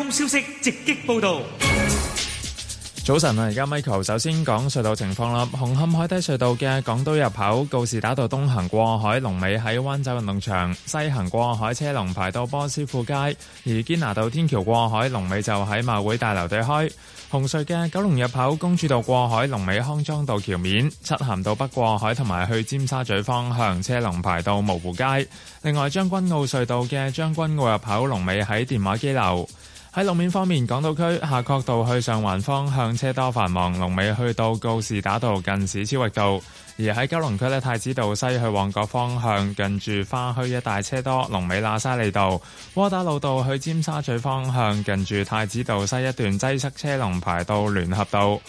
通消息直擊報道。早晨啊，而家 Michael 首先講隧道情況啦。紅磡海底隧道嘅港島入口告士打道東行過海，龍尾喺灣仔運動場；西行過海車龍排到波斯富街。而堅拿道天橋過海龍尾就喺馬會大樓對開。紅隧嘅九龍入口公主道過海龍尾康莊道橋面；漆咸道北過海同埋去尖沙咀方向車龍排到蕪湖街。另外，將軍澳隧道嘅將軍澳入口龍尾喺電話機樓。喺路面方面，港島區下角道去上環方向車多繁忙，龍尾去到告士打道近史超域道；而喺九龍區咧，太子道西去旺角方向近住花墟一帶車多，龍尾喇沙利道；窩打老道去尖沙咀方向近住太子道西一段擠塞車龍排到聯合道。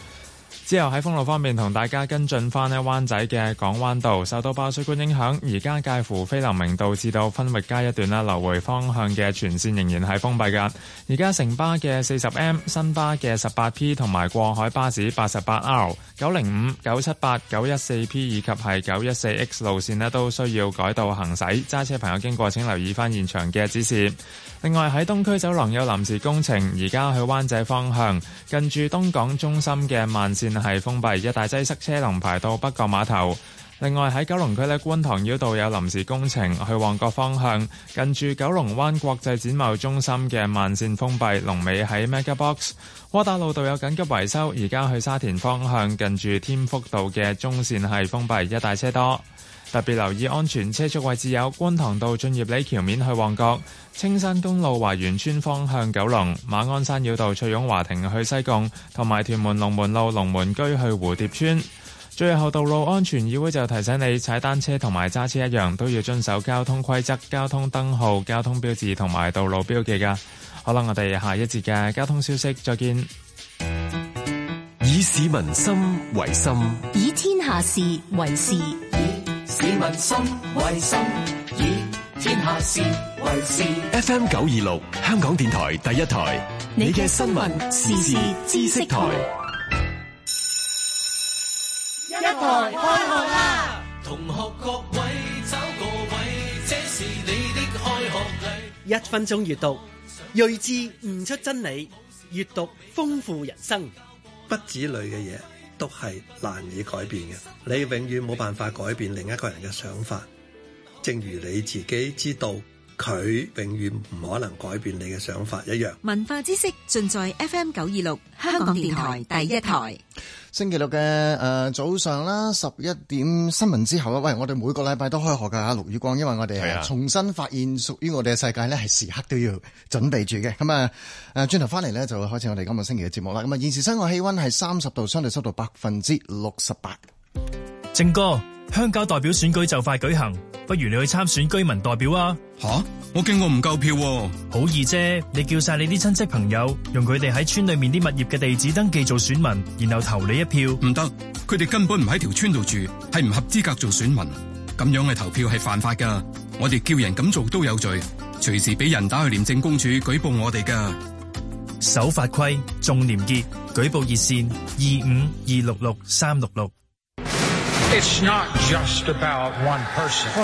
之後喺封路方面同大家跟進翻呢，灣仔嘅港灣道受到爆水管影響，而家介乎菲林明道至到分域街一段咧，流回方向嘅全線仍然係封閉㗎。而家城巴嘅 40M、新巴嘅 18P 同埋過海巴士 88L、905、978、914P 以及係 914X 路線都需要改道行駛。揸車朋友經過請留意翻現場嘅指示。另外喺東區走廊有臨時工程，而家去灣仔方向近住東港中心嘅慢線。係封閉，一大擠塞，車龍排到北角碼頭。另外喺九龍區咧，觀塘繞道有臨時工程，去旺角方向近住九龍灣國際展貿中心嘅慢線封閉，龍尾喺 Mega Box。窩打老道有緊急維修，而家去沙田方向近住天福道嘅中線係封閉，一大車多。特別留意安全車速位置有觀塘道駿業里橋面去旺角、青山公路華園村方向九龍、馬鞍山繞道翠涌華庭去西貢，同埋屯門龍門路龍門居去蝴蝶村。最後，道路安全議會就提醒你，踩單車同埋揸車一樣都要遵守交通規則、交通燈號、交通標誌同埋道路標記㗎。好啦，我哋下一節嘅交通消息，再見。以市民心為心，以天下事為事。以民心為心，以天下事為事。FM 九二六，香港電台第一台，你嘅新聞時事知識台。一台開學啦，同學各位，找個位，這是你的開學禮。一分鐘閱讀，睿智悟出真理，閱讀豐富人生，不止類嘅嘢。都係難以改變嘅，你永遠冇辦法改變另一個人嘅想法，正如你自己知道，佢永遠唔可能改變你嘅想法一樣。文化知識盡在 FM 九二六香港電台第一台。星期六嘅誒、呃、早上啦，十一點新聞之後啦。喂，我哋每個禮拜都開學噶，盧宇光，因為我哋重新發現屬於我哋嘅世界咧，係時刻都要準備住嘅。咁啊，誒、呃，轉頭翻嚟咧，就會開始我哋今日星期嘅節目啦。咁啊，現時室外氣温係三十度，相對濕度百分之六十八。正哥，鄉郊代表選舉就快舉行，不如你去參選居民代表啊！吓！我驚我唔夠票、啊，好易啫！你叫晒你啲親戚朋友，用佢哋喺村裏面啲物業嘅地址登記做選民，然後投你一票。唔得，佢哋根本唔喺條村度住，係唔合資格做選民。咁樣嘅投票係犯法噶，我哋叫人咁做都有罪，隨時俾人打去廉政公署舉報我哋噶。守法規，重廉潔，舉報熱線：二五二六六三六六。It's not just about one person.、哦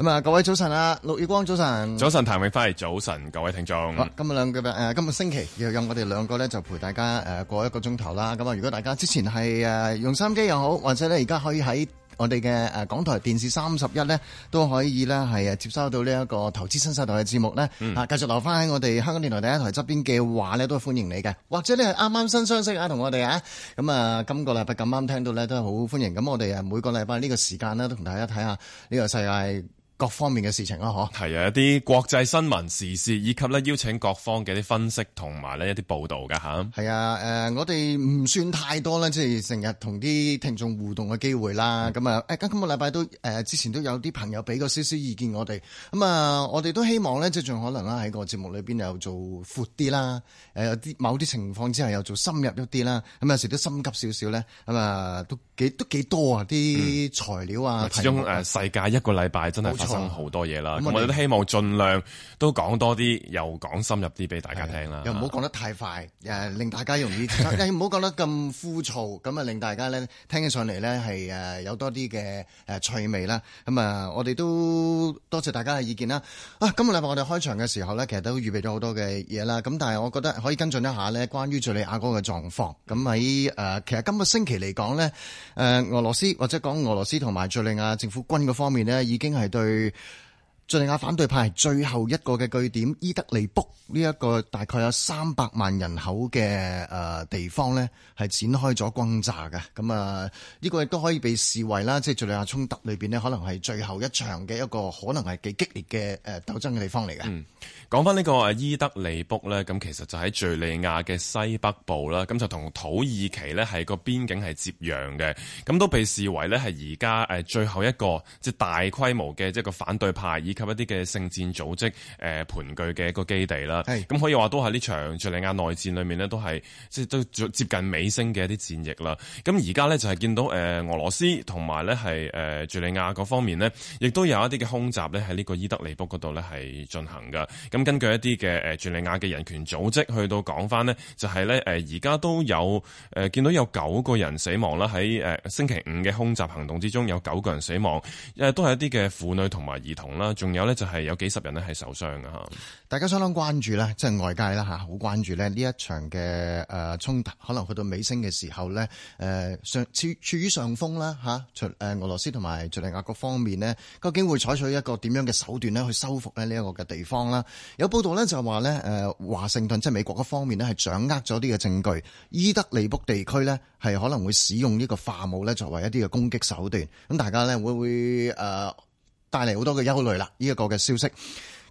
咁啊，各位早晨啊，陸月光早晨，早晨譚永輝早晨，各位聽眾。好，今日兩誒，今星期又有個，又用我哋兩個咧就陪大家誒、呃、過一個鐘頭啦。咁啊，如果大家之前係誒用三機又好，或者咧而家可以喺我哋嘅誒港台電視三十一咧，都可以咧係接收到呢一個投資新世代嘅節目咧、嗯。繼繼續留翻喺我哋香港電台第一台側邊嘅話咧，都歡迎你嘅。或者你係啱啱新相識啊，同我哋啊，咁啊、呃，今個禮拜咁啱聽到咧，都係好歡迎。咁我哋每個禮拜呢個時間咧，都同大家睇下呢個世界。各方面嘅事情咯，嗬，係啊，一啲國際新聞時事，以及咧邀請各方嘅啲分析同埋呢一啲報導嘅吓，係啊，誒、呃，我哋唔算太多啦，即係成日同啲聽眾互動嘅機會啦。咁、嗯、啊，誒、欸，今今個禮拜都誒、呃、之前都有啲朋友俾過少少意見我哋。咁啊，我哋都希望咧，即係盡可能啦喺個節目裏邊又做闊啲啦。誒，有啲某啲情況之下又做深入一啲啦。咁有時都心急少少咧，咁啊都。幾都幾多啊？啲材料啊，嗯、啊始終、呃、世界一個禮拜真係發生好多嘢啦。咁、啊、我哋都希望盡量都講多啲，又講深入啲俾大家聽啦。啊、又唔好講得太快、 啊，令大家容易唔好講得咁枯燥，咁啊令大家咧聽起上嚟咧係誒有多啲嘅誒趣味啦。咁啊，我哋都多謝大家嘅意見啦。啊，今個禮拜我哋開場嘅時候咧，其實都預備咗好多嘅嘢啦。咁但係我覺得可以跟進一下咧，關於敍利亞哥嘅狀況。咁喺誒其實今個星期嚟講咧。誒，俄羅斯或者講俄羅斯同埋敘利亞政府軍嘅方面呢已經係對敘利亞反對派最後一個嘅據點伊德利卜呢，一個大概有三百萬人口嘅誒地方呢係展開咗轟炸嘅。咁啊，呢個亦都可以被視為啦，即係敘利亞衝突裏邊咧，可能係最後一場嘅一個可能係幾激烈嘅誒鬥爭嘅地方嚟嘅。嗯講翻呢個伊德利卜咧，咁其實就喺敘利亞嘅西北部啦，咁就同土耳其呢，係個邊境係接壤嘅，咁都被視為呢係而家最後一個即係、就是、大規模嘅即係個反對派以及一啲嘅聖戰組織誒、呃、盤踞嘅一個基地啦。咁可以話都係呢場敘利亞內戰裏面呢，都係即係都接近尾聲嘅一啲戰役啦。咁而家呢，就係見到誒、呃、俄羅斯同埋呢係誒、呃、敘利亞嗰方面呢，亦都有一啲嘅空襲呢喺呢個伊德利卜嗰度呢係進行㗎。咁。根據一啲嘅誒敍利亞嘅人權組織去到講翻呢，就係呢。誒，而家都有誒、呃、見到有九個人死亡啦。喺誒星期五嘅空襲行動之中，有九個人死亡，誒都係一啲嘅婦女同埋兒童啦。仲有呢，就係有幾十人咧係受傷嘅嚇。大家相當關注呢，即係外界啦嚇，好關注呢，呢一場嘅誒衝突，可能去到尾聲嘅時候呢，誒上處處於上風啦嚇。誒俄羅斯同埋敍利亞嗰方面呢，究竟會採取一個點樣嘅手段咧，去收復咧呢一個嘅地方啦？有報道咧，就係話咧，誒華盛頓即係美國嗰方面咧，係掌握咗啲嘅證據，伊德利卜地區咧係可能會使用呢個化武咧作為一啲嘅攻擊手段，咁大家咧會會誒帶嚟好多嘅憂慮啦。呢一個嘅消息，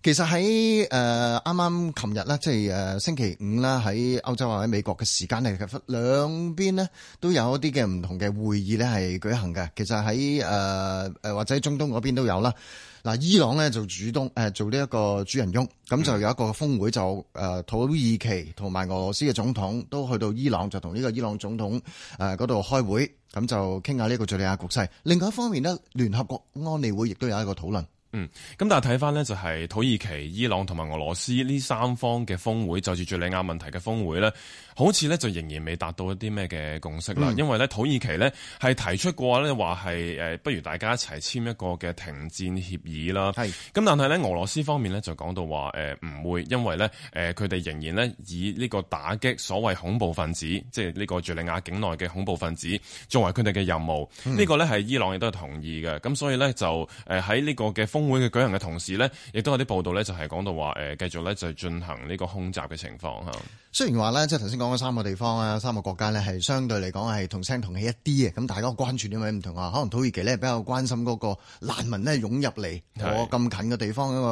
其實喺誒啱啱琴日啦，即係誒星期五啦，喺歐洲或者美國嘅時間嚟講，兩邊呢，都有一啲嘅唔同嘅會議咧係舉行嘅。其實喺誒誒或者喺中東嗰邊都有啦。嗱，伊朗咧就主動，誒做呢一個主人翁，咁就有一個峰會，就誒、呃、土耳其同埋俄羅斯嘅總統都去到伊朗，就同呢個伊朗總統誒嗰度開會，咁就傾下呢個敍利亞局勢。另外一方面呢，聯合國安理會亦都有一個討論。嗯，咁但係睇翻呢，就係、是、土耳其、伊朗同埋俄羅斯呢三方嘅峰會，就住、是、敍利亞問題嘅峰會咧。好似咧就仍然未達到一啲咩嘅共識啦，嗯，因為咧土耳其咧係提出過咧話係不如大家一齊簽一個嘅停戰協議啦。咁，但係咧俄羅斯方面咧就講到話唔會因為咧佢哋仍然咧以呢個打擊所謂恐怖分子，即係呢個敍利亞境內嘅恐怖分子作為佢哋嘅任務。呢、嗯呢個咧係伊朗亦都係同意嘅。咁所以咧就喺呢個嘅峰會嘅舉行嘅同時咧，亦都有啲報道咧就係講到話誒繼續咧就進行呢個空襲嘅情況。雖然話咧，即係頭先講嗰三個地方啊，三個國家咧係相對嚟講係同聲同氣一啲嘅。咁大家關注點會唔同啊，可能土耳其咧比較關心嗰個難民咧湧入嚟我咁近嘅地方一個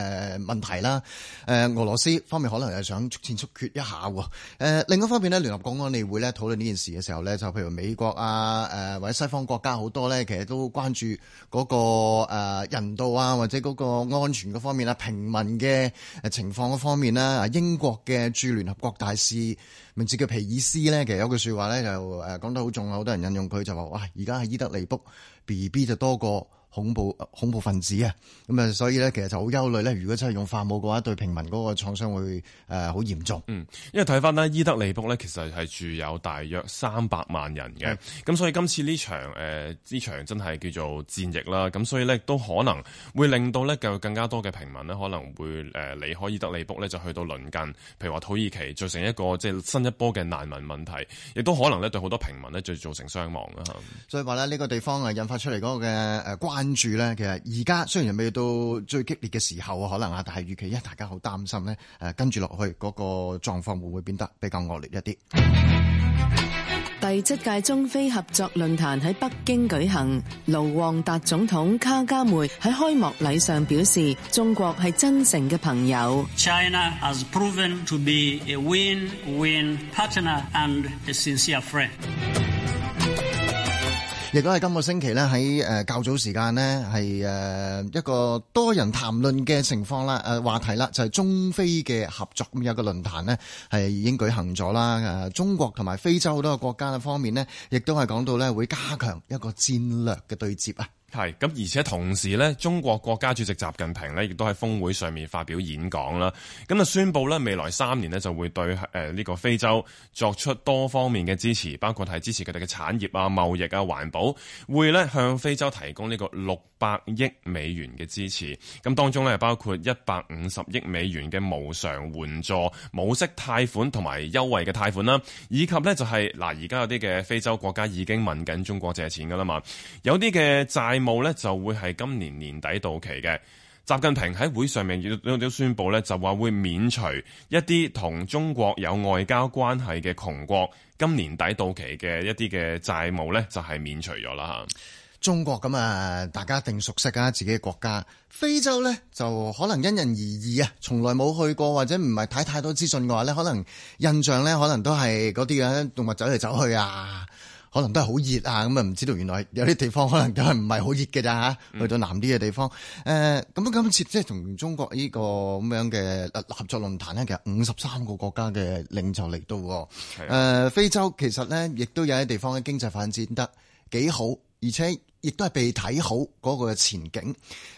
誒問題啦。誒，俄羅斯方面可能又想速戰速決一下喎。誒，另一方面呢，聯合國安理會咧討論呢件事嘅時候咧，就譬如美國啊，誒或者西方國家好多咧，其實都關注嗰個誒人道啊或者嗰個安全嗰方面啊，平民嘅誒情況嗰方面啦，英國嘅駐聯合國大使名字叫皮爾斯咧，其實有句說話咧就誒講得好重啊，好多人引用佢就話：「哇！而家係伊德利卜 BB 就多過。」恐怖恐怖分子啊，咁啊，所以咧，其實就好憂慮咧。如果真係用化武嘅話，對平民嗰個創傷會誒好嚴重。嗯，因為睇翻咧，伊德利卜咧，其實係住有大約三百萬人嘅。咁所以今次呢場誒呢場真係叫做戰役啦。咁所以咧，都可能會令到咧，就更加多嘅平民咧，可能會誒離開伊德利卜咧，就去到鄰近，譬如話土耳其，造成一個即係新一波嘅難民問題，亦都可能咧對好多平民咧，就造成傷亡啦。所以話咧，呢個地方啊，引發出嚟嗰個嘅誒關。跟住咧，其實而家雖然未到最激烈嘅時候啊，可能啊，但係預期一大家好擔心咧，誒跟住落去嗰個狀況會唔會變得比較惡劣一啲？第七屆中非合作論壇喺北京舉行，盧旺達總統卡加梅喺開幕禮上表示：中國係真誠嘅朋友。China has proven to be a win-win partner and a sincere friend. 亦都係今個星期咧，喺誒較早時間咧，係誒一個多人談論嘅情況啦，誒話題啦，就係中非嘅合作，咁有個論壇咧係已經舉行咗啦。誒，中國同埋非洲好多個國家嘅方面咧，亦都係講到咧會加強一個戰略嘅對接啊。係咁，而且同時呢，中國國家主席習近平呢亦都喺峰會上面發表演講啦。咁啊，宣布呢，未來三年呢就會對呢個非洲作出多方面嘅支持，包括係支持佢哋嘅產業啊、貿易啊、環保，會呢向非洲提供呢個六百億美元嘅支持。咁當中呢，包括一百五十億美元嘅無償援助、無息貸款同埋優惠嘅貸款啦，以及呢，就係，就係嗱而家有啲嘅非洲國家已經問緊中國借錢㗎啦嘛，有啲嘅債。務咧就會係今年年底到期嘅，習近平喺會上面亦都宣布咧，就話會免除一啲同中國有外交關係嘅窮國今年底到期嘅一啲嘅債務咧，就係免除咗啦嚇。中國咁啊，大家一定熟悉啊自己嘅國家。非洲咧就可能因人而異啊。從來冇去過或者唔係睇太多資訊嘅話咧，可能印象咧可能都係嗰啲啊動物走嚟走去啊。可能都係好熱啊，咁啊唔知道原來有啲地方可能都係唔係好熱嘅咋吓，去到南啲嘅地方。誒、呃，咁今次即係同中國呢個咁樣嘅合作論壇咧，其實五十三個國家嘅領袖嚟到喎、嗯呃。非洲其實咧亦都有啲地方嘅經濟發展得幾好，而且。亦都係被睇好嗰個前景、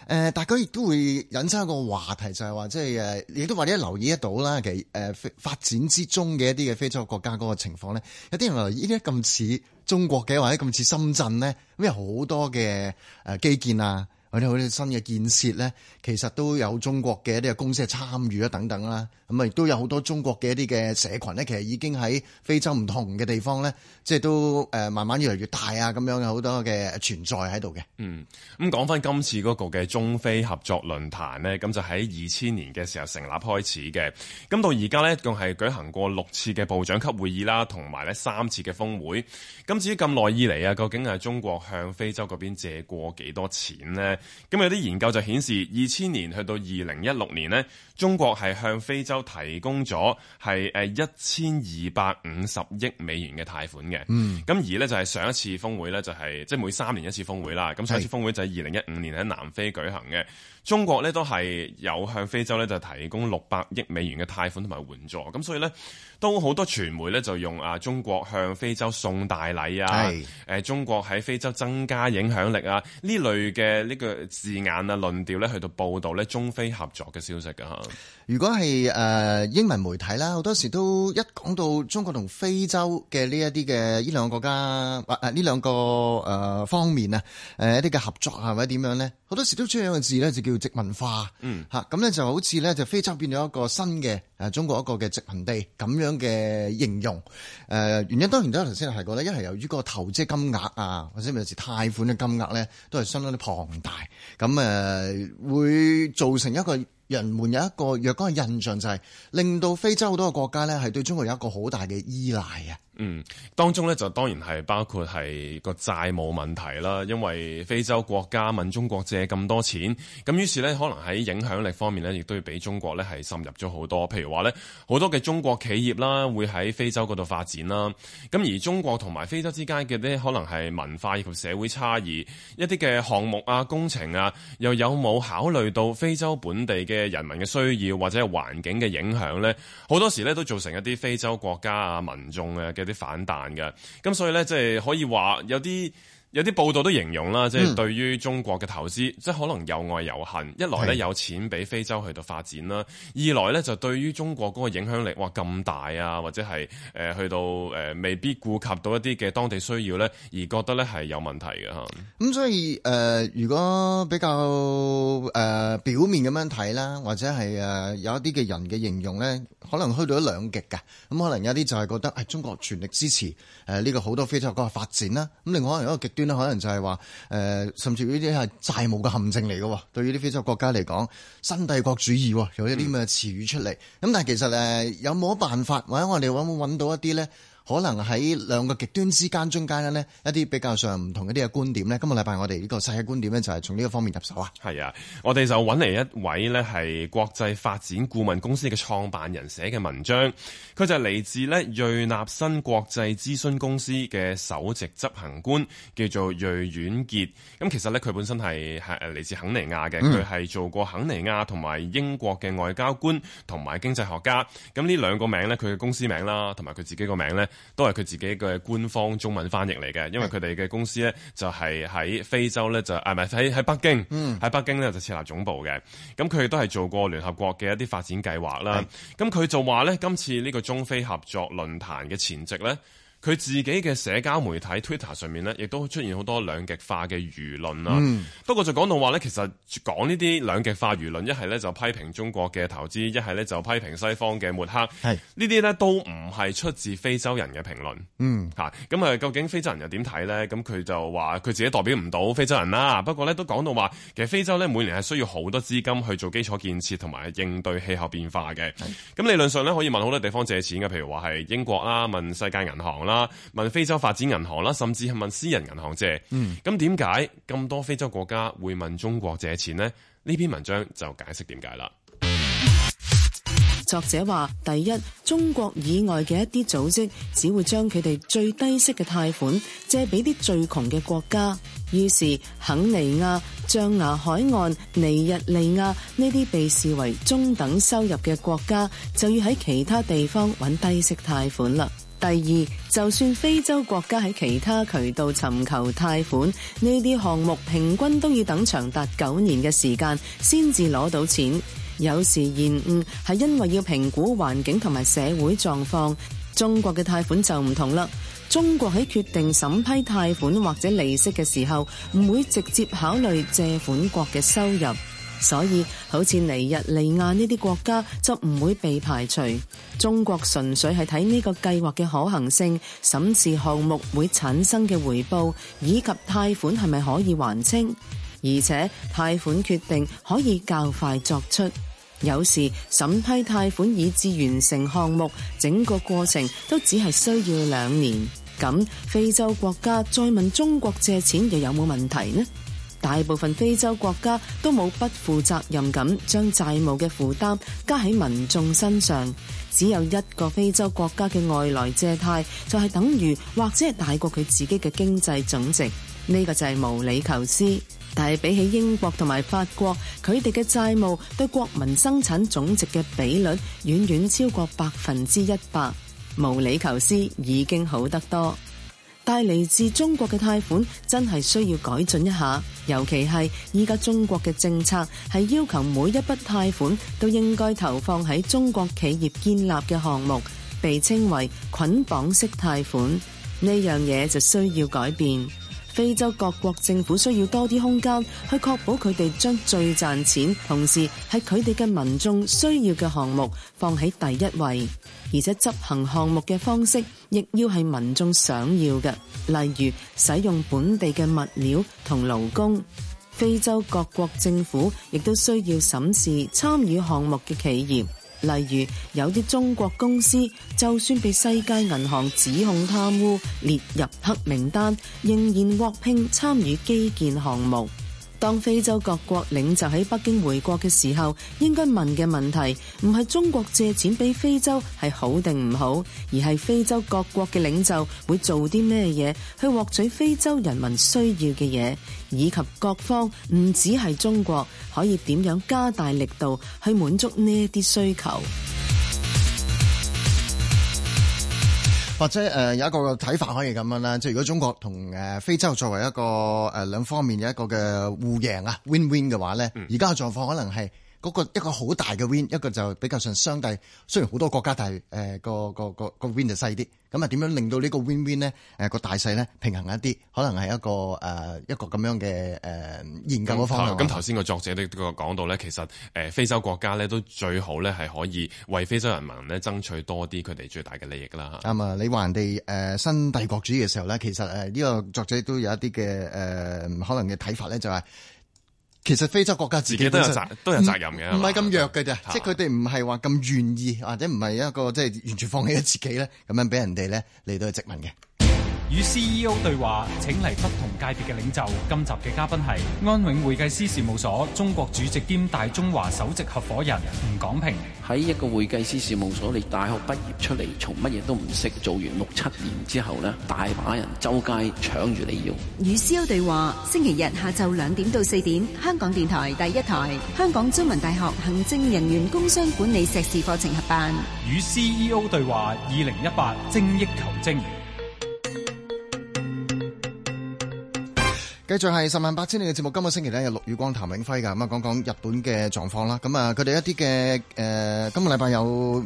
呃，大家亦都會引申一個話題、就係，就係話即係誒，亦、就係、都或者留意得到啦，其實、呃、發展之中嘅一啲嘅非洲國家嗰個情況咧，有啲人留意呢啲咁似中國嘅，或者咁似深圳咧，咁好多嘅、呃、基建啊。睇到好多新嘅建設咧，其實都有中國嘅一啲公司嘅參與啊，等等啦，咁啊，亦都有好多中國嘅一啲嘅社群咧，其實已經喺非洲唔同嘅地方咧，即係都誒慢慢越嚟越大啊，咁樣有好多嘅存在喺度嘅。嗯，咁講翻今次嗰個嘅中非合作論壇咧，咁就喺二千年嘅時候成立開始嘅，咁到而家咧，一共係舉行過六次嘅部長級會議啦，同埋咧三次嘅峰會。咁至於咁耐以嚟啊，究竟係中國向非洲嗰邊借過幾多錢咧？咁有啲研究就顯示，二千年去到二零一六年呢，中國係向非洲提供咗係誒一千二百五十億美元嘅貸款嘅。咁、嗯、而呢，就係上一次峰會呢就係、係、即係每三年一次峰會啦。咁上一次峰會就係二零一五年喺南非舉行嘅。中國咧都係有向非洲咧就提供六百億美元嘅貸款同埋援助，咁所以咧都好多傳媒咧就用啊中國向非洲送大禮啊，誒中國喺非洲增加影響力啊呢類嘅呢個字眼啊論調咧去到報導咧中非合作嘅消息㗎吓。如果係誒、呃、英文媒體啦，好多時都一講到中國同非洲嘅呢一啲嘅呢兩個國家或啊呢兩個誒、呃、方面啊、呃，一啲嘅合作係或者點樣咧？好多時都出現一個字咧，就叫殖民化。嗯，吓咁咧就好似咧就非洲變咗一個新嘅中國一個嘅殖民地咁樣嘅形容。誒原因當然都有頭先提過咧，一係由於一個投資金額啊或者有時貸款嘅金額咧都係相當啲龐大，咁誒會造成一個。人們有一個若干嘅印象就係、是、令到非洲好多嘅國家呢係對中國有一個好大嘅依賴、啊、嗯，當中呢就當然係包括係個債務問題啦，因為非洲國家問中國借咁多錢，咁於是呢，可能喺影響力方面呢，亦都要俾中國呢係滲入咗好多。譬如話呢，好多嘅中國企業啦，會喺非洲嗰度發展啦。咁而中國同埋非洲之間嘅呢，可能係文化以及社會差異，一啲嘅項目啊工程啊，又有冇考慮到非洲本地嘅？人民嘅需要或者係環境嘅影響咧，好多時咧都造成一啲非洲國家啊民眾啊嘅啲反彈嘅，咁所以咧即係可以話有啲。有啲報道都形容啦，即、就、係、是、對於中國嘅投資，嗯、即係可能有愛有恨。一來咧有錢俾非洲去到發展啦；二來咧就對於中國嗰個影響力，哇咁大啊，或者係去到未必顧及到一啲嘅當地需要咧，而覺得咧係有問題嘅咁、嗯、所以誒、呃，如果比較誒、呃、表面咁樣睇啦，或者係、呃、有一啲嘅人嘅形容咧，可能去到一兩極嘅。咁、嗯、可能有啲就係覺得係、哎、中國全力支持呢、呃這個好多非洲國家嘅發展啦。咁、嗯、另外可能一個極端。可能就係話，誒、呃，甚至呢啲係債務嘅陷阱嚟嘅，對於啲非洲國家嚟講，新帝國主義，有一啲咁嘅詞語出嚟。咁、嗯、但係其實誒，有冇辦法或者我哋揾唔揾到一啲咧？可能喺兩個極端之間中間呢，一啲比較上唔同一啲嘅觀點呢。今個禮拜我哋呢個世界觀點呢，就係從呢個方面入手啊。係啊，我哋就揾嚟一位呢係國際發展顧問公司嘅創辦人寫嘅文章。佢就嚟自呢瑞納新國際諮詢公司嘅首席執行官，叫做瑞遠傑。咁其實呢，佢本身係嚟自肯尼亞嘅，佢、嗯、係做過肯尼亞同埋英國嘅外交官同埋經濟學家。咁呢兩個名呢，佢嘅公司名啦，同埋佢自己個名呢。都係佢自己嘅官方中文翻譯嚟嘅，因為佢哋嘅公司呢就係喺非洲呢就係咪喺喺北京喺北京呢就設立總部嘅。咁佢亦都係做過聯合國嘅一啲發展計劃啦。咁佢就話呢，今次呢個中非合作論壇嘅前夕呢。佢自己嘅社交媒體 Twitter 上面呢，亦都出現好多兩極化嘅輿論啦。不過就講到話呢，其實講呢啲兩極化輿論，一係呢，就批評中國嘅投資，一係呢，就批評西方嘅抹黑。係呢啲呢，都唔係出自非洲人嘅評論。嗯，吓咁啊，究竟非洲人又點睇呢？咁佢就話佢自己代表唔到非洲人啦。不過呢，都講到話，其實非洲呢，每年係需要好多資金去做基礎建設同埋應對氣候變化嘅。咁理論上呢，可以問好多地方借錢嘅，譬如話係英國啦，問世界銀行啦，問非洲發展銀行啦，甚至係問私人銀行借。嗯，咁點解咁多非洲國家會問中國借錢呢？呢篇文章就解釋點解啦。作者話：第一，中國以外嘅一啲組織只會將佢哋最低息嘅貸款借俾啲最窮嘅國家，於是肯尼亞、象牙海岸、尼日利亞呢啲被視為中等收入嘅國家，就要喺其他地方揾低息貸款啦。第二，就算非洲國家喺其他渠道尋求貸款，呢啲項目，平均都要等長達九年嘅時間先至攞到錢。有時延誤係因為要評估環境同埋社會狀況。中國嘅貸款就唔同啦，中國喺決定審批貸款或者利息嘅時候，唔會直接考慮借款國嘅收入。所以，好似尼日利亞呢啲國家就唔會被排除。中國純粹係睇呢個計劃嘅可行性，審視項目會產生嘅回報，以及貸款係咪可以還清。而且，貸款決定可以較快作出。有時，審批貸款以至完成項目，整個過程都只係需要兩年。咁，非洲國家再問中國借錢，又有冇問題呢？大部分非洲國家都冇不負責任咁將債務嘅負擔加喺民眾身上，只有一個非洲國家嘅外來借貸就係等於或者係大過佢自己嘅經濟總值，呢個就係毛里求斯。但係比起英國同埋法國，佢哋嘅債務對國民生產總值嘅比率遠遠超過百分之一百，毛里求斯已經好得多。但嚟自中國嘅貸款真係需要改進一下，尤其係依家中國嘅政策係要求每一筆貸款都應該投放喺中國企業建立嘅項目，被稱為捆綁式貸款，呢樣嘢就需要改變。非洲各國政府需要多啲空間去確保佢哋將最賺錢，同時係佢哋嘅民眾需要嘅項目放喺第一位，而且執行項目嘅方式亦要係民眾想要嘅，例如使用本地嘅物料同勞工。非洲各國政府亦都需要審視參與項目嘅企業。例如，有啲中國公司就算被世界銀行指控貪污，列入黑名單，仍然獲聘參與基建項目。當非洲各國領袖喺北京回國嘅時候，應該問嘅問題唔係中國借錢俾非洲係好定唔好，而係非洲各國嘅領袖會做啲咩嘢去獲取非洲人民需要嘅嘢，以及各方唔止係中國可以點樣加大力度去滿足呢一啲需求。或者誒，有一個睇法可以咁樣啦，即係如果中國同誒非洲作為一個誒兩方面嘅一個嘅互贏啊，win win 嘅話咧，而家嘅狀況可能係。嗰、那個、一個好大嘅 win，一個就比較上相帝，雖然好多國家大，但係誒個個個 win 就細啲。咁啊，點樣令到個呢個 win win 咧？誒個大細咧平衡一啲，可能係一個誒、呃、一個咁樣嘅誒、呃、研究嘅方向。咁頭先個作者都個講到咧，其實誒、呃、非洲國家咧都最好咧係可以為非洲人民咧爭取多啲佢哋最大嘅利益啦。咁啊！你話人哋、呃、新帝國主義嘅時候咧，其實誒呢、呃呢個作者都有一啲嘅誒可能嘅睇法咧、就係，就係。其實非洲國家自己都有責都有責任嘅，唔係咁弱嘅啫，即係佢哋唔係話咁願意，或者唔係一個即係完全放棄咗自己咧，咁樣俾人哋咧嚟到去殖民嘅。與 CEO 對話，請嚟不同界別嘅領袖。今集嘅嘉賓係安永會計師事務所中國主席兼大中華首席合夥人吳港平。喺一個會計師事務所，你大學畢業出嚟，從乜嘢都唔識，做完六七年之後呢，大把人周街搶住你要。與 CEO 對話，星期日下晝兩點到四點，香港電台第一台，香港中文大學行政人員工商管理碩士課程合辦。與 CEO 對話，二零一八精益求精。繼續係十萬八千里嘅節目，今個星期咧有陸宇光、譚永輝噶，咁啊講講日本嘅狀況啦。咁、嗯、啊，佢哋一啲嘅誒，今個禮拜有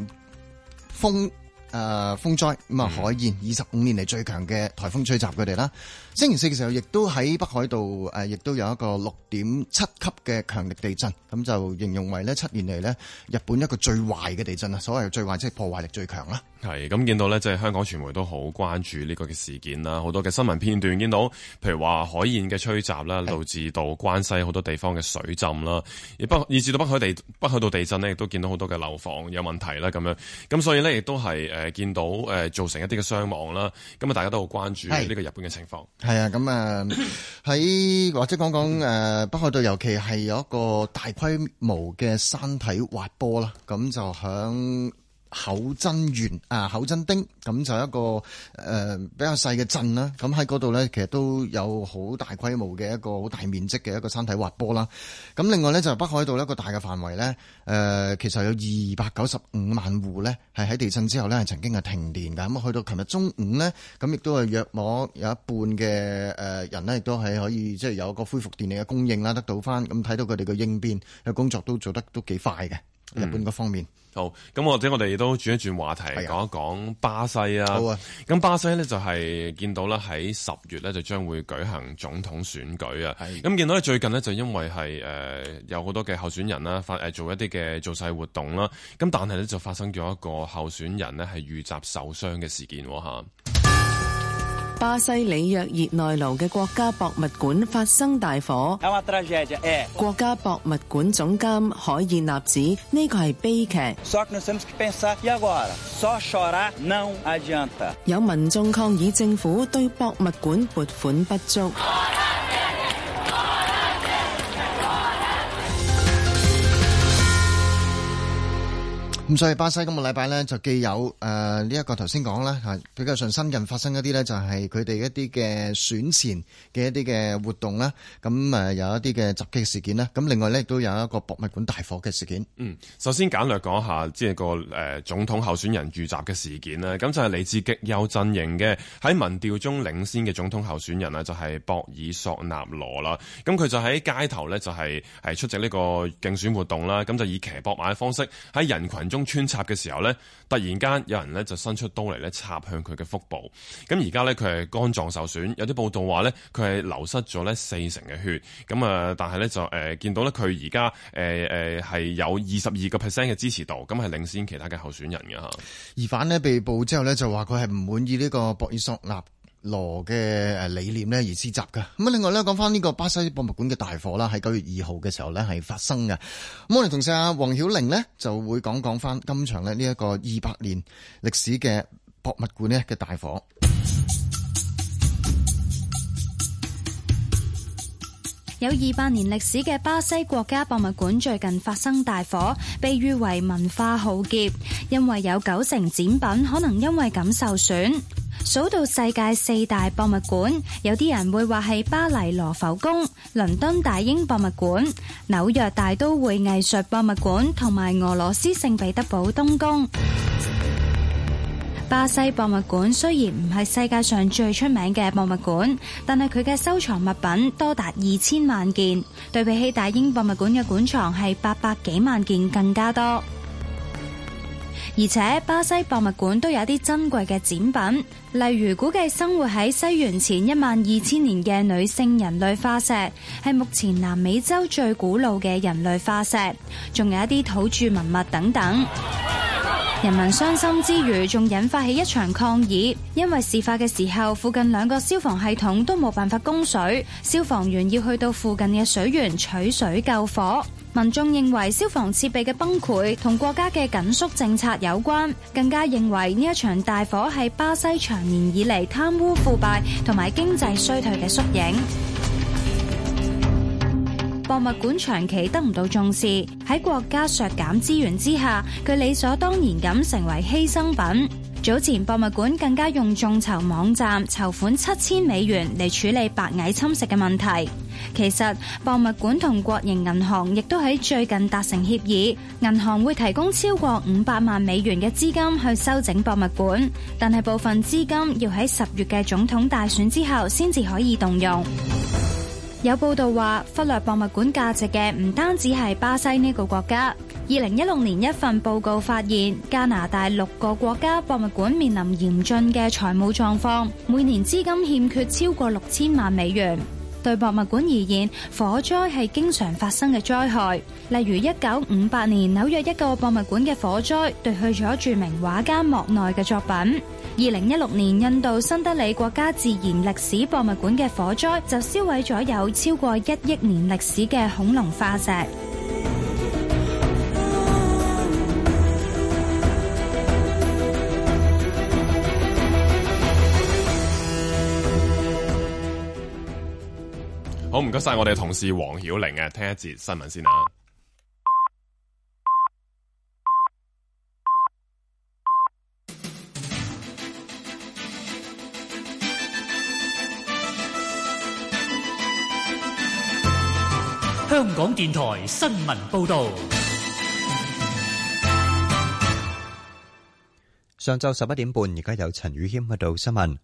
風誒、呃，風災咁啊、嗯嗯，海燕二十五年嚟最強嘅颱風吹襲佢哋啦。星期四嘅時候，亦都喺北海道誒，亦都有一個六點七級嘅強力地震，咁就形容為呢七年嚟呢日本一個最壞嘅地震啦。所謂最壞即係、就是、破壞力最強啦。係咁見到呢，即、就、係、是、香港傳媒都好關注呢個嘅事件啦，好多嘅新聞片段見到，譬如話海燕嘅吹襲啦，導致到關西好多地方嘅水浸啦，而北以至到北海地北海道地震呢，亦都見到好多嘅樓房有問題啦，咁樣咁所以呢，亦都係誒、呃、見到做、呃、造成一啲嘅傷亡啦。咁啊，大家都好關注呢個日本嘅情況。係啊，咁啊，喺或者講講誒，北海道尤其係有一個大規模嘅山體滑坡啦，咁就響，厚真源啊，厚真丁咁就一個誒、呃、比較細嘅鎮啦。咁喺嗰度呢，其實都有好大規模嘅一個好大面積嘅一個山體滑坡啦。咁另外呢，就是、北海道一個大嘅範圍呢，誒、呃、其實有二百九十五萬戶呢，係喺地震之後呢曾經係停電㗎。咁去到琴日中午呢，咁亦都係約摸有一半嘅誒人呢，亦都係可以即係、就是、有一個恢復電力嘅供應啦，得到翻。咁睇到佢哋嘅應變嘅工作都做得都幾快嘅、嗯，日本嗰方面。好，咁或者我哋都轉一轉話題，講一講巴西啊。好啊，咁巴西呢就係、是、見到啦喺十月呢就將會舉行總統選舉啊。咁見到咧，最近呢就因為係誒、呃、有好多嘅候選人啦，發誒做一啲嘅造勢活動啦、啊。咁但係呢，就發生咗一個候選人呢係遇襲受傷嘅事件吓、啊。巴西里約熱內盧嘅國家博物館發生大火。國家博物館總監海爾納指，呢個係悲劇。有民眾抗議政府對博物館撥款不足。咁所以巴西今個禮拜呢，就既有誒呢一個頭先講啦吓，比較上新近發生一啲呢，就係佢哋一啲嘅選前嘅一啲嘅活動啦，咁、嗯、誒、呃、有一啲嘅襲擊事件啦，咁另外呢都有一個博物館大火嘅事件。嗯，首先簡略講下即係、就是、個誒、呃、總統候選人遇襲嘅事件啦，咁就係嚟自極右陣營嘅喺民調中領先嘅總統候選人啊，就係、是、博爾索納羅啦。咁佢就喺街頭呢，就係係出席呢個競選活動啦，咁就以騎膊馬嘅方式喺人群中。穿插嘅時候咧，突然間有人咧就伸出刀嚟咧插向佢嘅腹部。咁而家咧佢係肝臟受損，有啲報道話咧佢係流失咗咧四成嘅血。咁啊，但係咧就誒見到咧佢而家誒誒係有二十二個 percent 嘅支持度，咁係領先其他嘅候選人嘅吓。疑犯咧被捕之後咧就話佢係唔滿意呢個博爾索納羅嘅誒理念咧，而施集噶。咁另外咧，講翻呢個巴西博物館嘅大火啦，喺九月二號嘅時候咧，係發生嘅。咁我哋同事阿黃曉玲呢就會講講翻今場咧呢一個二百年歷史嘅博物館咧嘅大火。有二百年歷史嘅巴西國家博物館最近發生大火，被譽為文化浩劫，因為有九成展品可能因為咁受損。數到世界四大博物館，有啲人會話係巴黎羅浮宮、倫敦大英博物館、紐約大都會藝術博物館同埋俄羅斯聖彼得堡冬宮。巴西博物館雖然唔係世界上最出名嘅博物館，但係佢嘅收藏物品多達二千萬件，對比起大英博物館嘅館藏係八百幾萬件更加多。而且巴西博物館都有啲珍貴嘅展品，例如估計生活喺西元前一萬二千年嘅女性人類化石，係目前南美洲最古老嘅人類化石，仲有一啲土著文物等等。人民傷心之餘，仲引發起一場抗議，因為事發嘅時候，附近兩個消防系統都冇辦法供水，消防員要去到附近嘅水源取水救火。民眾認為消防設備嘅崩潰同國家嘅緊縮政策有關，更加認為呢一場大火係巴西長年以嚟貪污腐敗同埋經濟衰退嘅縮影。博物館長期得唔到重視，喺國家削減資源之下，佢理所當然咁成為犧牲品。早前博物館更加用眾籌網站籌款七千美元嚟處理白蟻侵蝕嘅問題。其實，博物館同國營銀行亦都喺最近達成協議，銀行會提供超過五百萬美元嘅資金去修整博物館，但係部分資金要喺十月嘅總統大選之後先至可以動用。有報道話，忽略博物館價值嘅唔單止係巴西呢個國家。二零一六年一份報告發現，加拿大六個國家博物館面臨嚴峻嘅財務狀況，每年資金欠缺超過六千萬美元。對博物館而言，火災係經常發生嘅災害。例如，一九五八年紐約一個博物館嘅火災，奪去咗著名畫家莫奈嘅作品。二零一六年，印度新德里國家自然歷史博物館嘅火災，就燒毀咗有超過一億年歷史嘅恐龍化石。唔該晒，謝謝我哋同事黃曉玲嘅聽一節新聞先啦。香港電台新聞報道。上晝十一點半，而家有陳宇謙喺度讀新聞。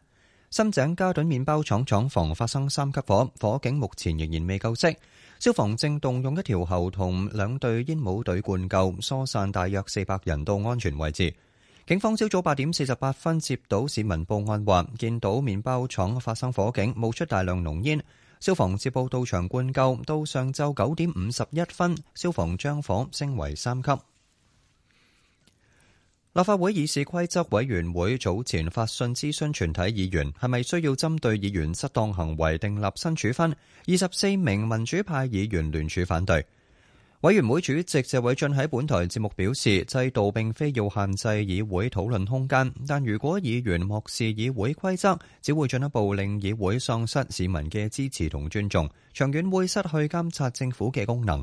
深井嘉頓麵包廠廠房發生三級火，火警目前仍然未救熄，消防正動用一條喉同兩隊煙帽隊灌救，疏散大約四百人到安全位置。警方朝早八點四十八分接到市民報案，話見到麵包廠發生火警，冒出大量濃煙。消防接報到場灌救，到上晝九點五十一分，消防將火升為三級。立法會議事規則委員會早前發信諮詢全體議員，係咪需要針對議員失當行為定立新處分，二十四名民主派議員聯署反對。委員會主席謝偉俊喺本台節目表示，制度並非要限制議會討論空間，但如果議員漠視議會規則，只會進一步令議會喪失市民嘅支持同尊重，長遠會失去監察政府嘅功能。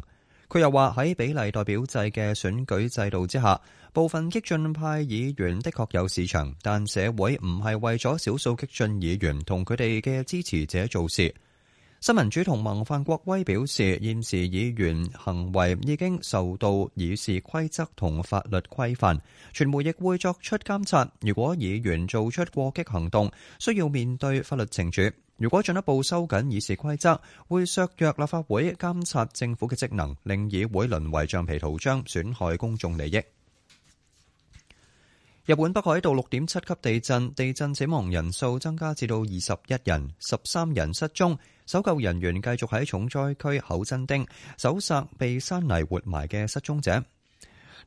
佢又話，喺比例代表制嘅選舉制度之下。部分激進派議員的確有市場，但社會唔係為咗少數激進議員同佢哋嘅支持者做事。新民主同盟范國威表示，現時議員行為已經受到議事規則同法律規範，傳媒亦會作出監察。如果議員做出過激行動，需要面對法律懲處。如果進一步收緊議事規則，會削弱立法會監察政府嘅職能，令議會淪為橡皮圖章，損害公眾利益。日本北海道六點七級地震，地震死亡人數增加至到二十一人，十三人失蹤，搜救人員繼續喺重災區厚真町搜尋被山泥活埋嘅失蹤者。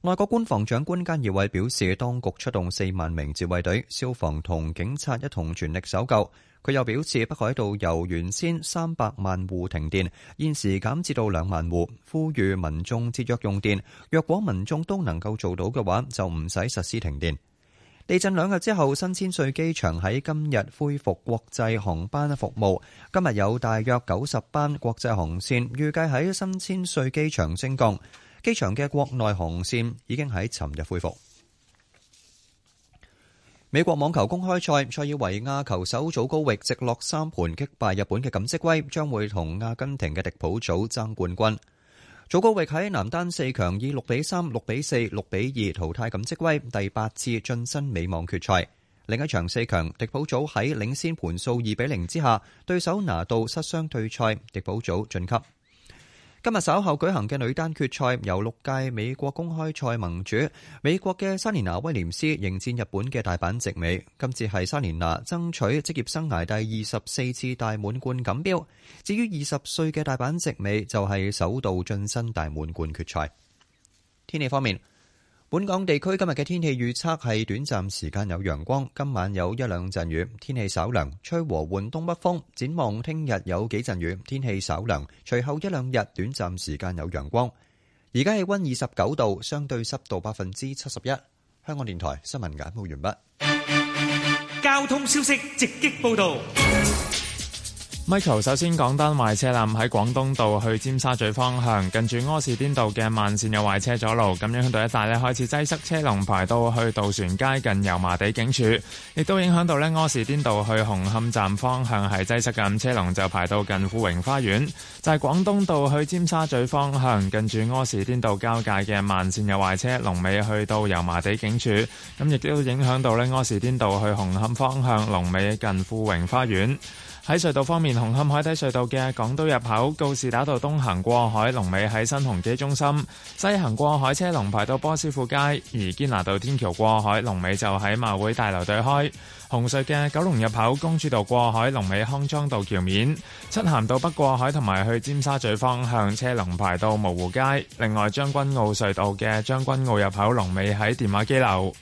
外國官房長官加爾偉表示，當局出動四萬名自衛隊、消防同警察一同全力搜救。佢又表示，北海道由原先三百萬戶停電，現時減至到兩萬戶，呼籲民眾節約用電。若果民眾都能夠做到嘅話，就唔使實施停電。地震兩日之後，新千歲機場喺今日恢復國際航班嘅服務。今日有大約九十班國際航線，預計喺新千歲機場升降。機場嘅國內航線已經喺尋日恢復。美國網球公開賽，塞爾維亞球手祖高域直落三盤擊敗日本嘅錦織圭，將會同阿根廷嘅迪普祖爭冠軍。祖高域喺男單四強以六比三、六比四、六比二淘汰錦織圭，第八次晉身美網決賽。另一場四強，迪普祖喺領先盤數二比零之下，對手拿到失傷退賽，迪普祖晉級。今日稍後舉行嘅女單決賽，由六屆美國公開賽盟主美國嘅莎蓮娜威廉斯迎戰日本嘅大坂直美。今次係莎蓮娜爭取職業生涯第二十四次大滿貫錦標。至於二十歲嘅大坂直美，就係首度晉身大滿貫決賽。天氣方面。本港地區今日嘅天氣預測係短暫時間有陽光，今晚有一兩陣雨，天氣稍涼，吹和緩東北風。展望聽日有幾陣雨，天氣稍涼，隨後一兩日短暫時間有陽光。而家氣温二十九度，相對濕度百分之七十一。香港電台新聞簡報完畢。交通消息直擊報道。Michael 首先講單壞車啦，喺廣東道去尖沙咀方向，近住柯士甸道嘅慢線有壞車阻路，咁影響到一帶咧，開始擠塞車龍排到去渡船街近油麻地警署，亦都影響到咧柯士甸道去紅磡站方向係擠塞緊，車龍就排到近富榮花園。就係、是、廣東道去尖沙咀方向，近住柯士甸道交界嘅慢線有壞車，龍尾去到油麻地警署，咁亦都影響到咧柯士甸道去紅磡方向，龍尾近富榮花園。喺隧道方面，紅磡海底隧道嘅港島入口告士打道東行過海，龍尾喺新鴻基中心；西行過海車龍排到波斯富街，而堅拿道天橋過海龍尾就喺馬會大樓對開。紅隧嘅九龍入口公主道過海龍尾康莊道橋面，漆咸道北過海同埋去尖沙咀方向車龍排到蕪湖街。另外，將軍澳隧道嘅將軍澳入口龍尾喺電話機樓。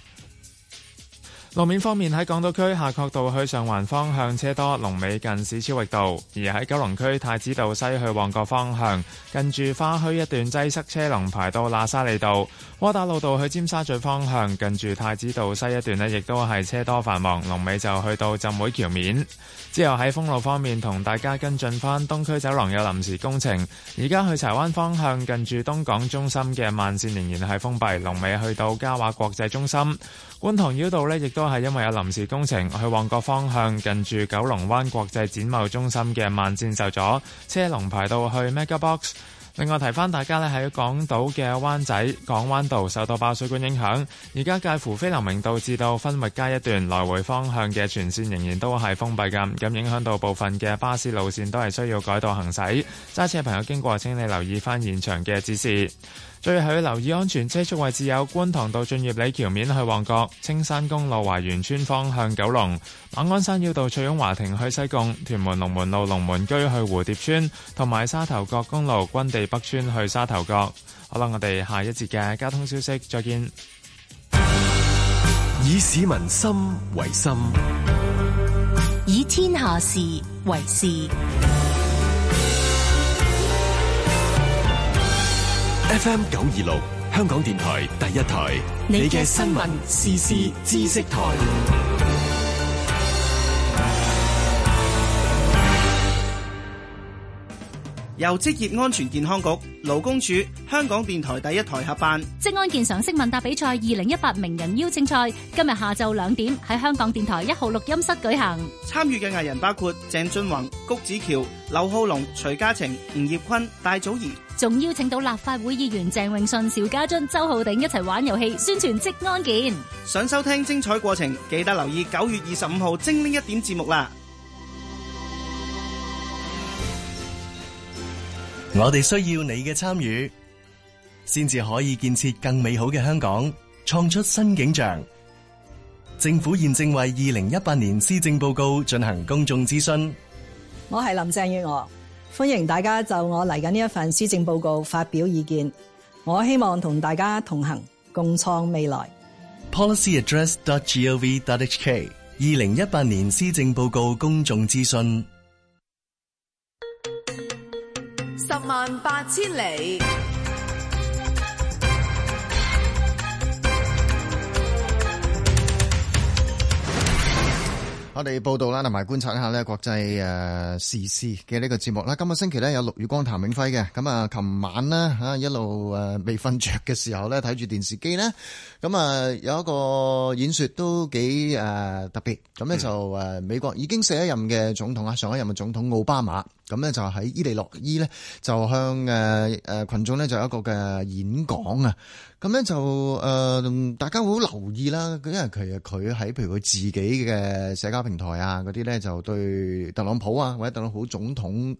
路面方面喺港島區下角道去上環方向，向車多，龍尾近史超域道；而喺九龍區太子道西去旺角方向，近住花墟一段擠塞車龍，車龍排到喇沙利道。窩打老道去尖沙咀方向，近住太子道西一段呢亦都係車多繁忙，龍尾就去到浸會橋面。之後喺封路方面，同大家跟進翻東區走廊有臨時工程，而家去柴灣方向，近住東港中心嘅慢線仍然係封閉，龍尾去到嘉華國際中心。觀塘繞道呢，亦都係因為有臨時工程，去旺角方向近住九龍灣國際展貿中心嘅慢線受阻，車龍排到去 MegaBox。另外提翻大家呢，喺港島嘅灣仔港灣道受到爆水管影響，而家介乎菲林明道至到分域街一段來回方向嘅全線仍然都係封閉嘅，咁影響到部分嘅巴士路線都係需要改道行駛。揸車嘅朋友經過，請你留意翻現場嘅指示。最後要留意安全車速位置，有觀塘道駿業里橋面去旺角、青山公路華園村方向九龍、馬鞍山繞道翠擁華庭去西貢、屯門龍門路龍門居去蝴蝶村、同埋沙頭角公路軍地北村去沙頭角。好啦，我哋下一節嘅交通消息再見。以市民心為心，以天下事為事。FM 九二六，香港電台第一台，你嘅新聞時事知識台，由職業安全健康局勞工處、香港電台第一台合辦職安健常識問答比賽二零一八名人邀請賽，今日下晝兩點喺香港電台一號錄音室舉行。參與嘅藝人包括鄭俊弘、谷子喬、劉浩龍、徐嘉晴、吳業坤、戴祖兒。仲邀請到立法會議員鄭永信、邵家臻、周浩鼎一齊玩遊戲宣傳職安健。想收聽精彩過程，記得留意九月二十五號精靈一點節目啦。我哋需要你嘅參與，先至可以建設更美好嘅香港，創出新景象。政府現正為二零一八年施政報告進行公眾諮詢。我係林鄭月娥。歡迎大家就我嚟緊呢一份施政報告發表意見，我希望同大家同行，共創未來。policyaddress.gov.hk 二零一八年施政報告公眾資訊十萬八千里。我哋報道啦，同埋觀察一下咧國際誒、呃、時事嘅呢個節目啦。今個星期咧有陸宇光、譚永輝嘅。咁啊，琴晚咧嚇一路誒未瞓着嘅時候咧，睇住電視機咧，咁、呃、啊有一個演説都幾誒、呃、特別。咁咧就誒、呃、美國已經卸任嘅總統啊，上一任嘅總統奧巴馬。咁咧就喺伊利諾伊咧，就向誒誒群眾咧就有一個嘅演講啊！咁咧就誒大家會好留意啦，因為其實佢喺譬如佢自己嘅社交平台啊嗰啲咧，就對特朗普啊或者特朗普總統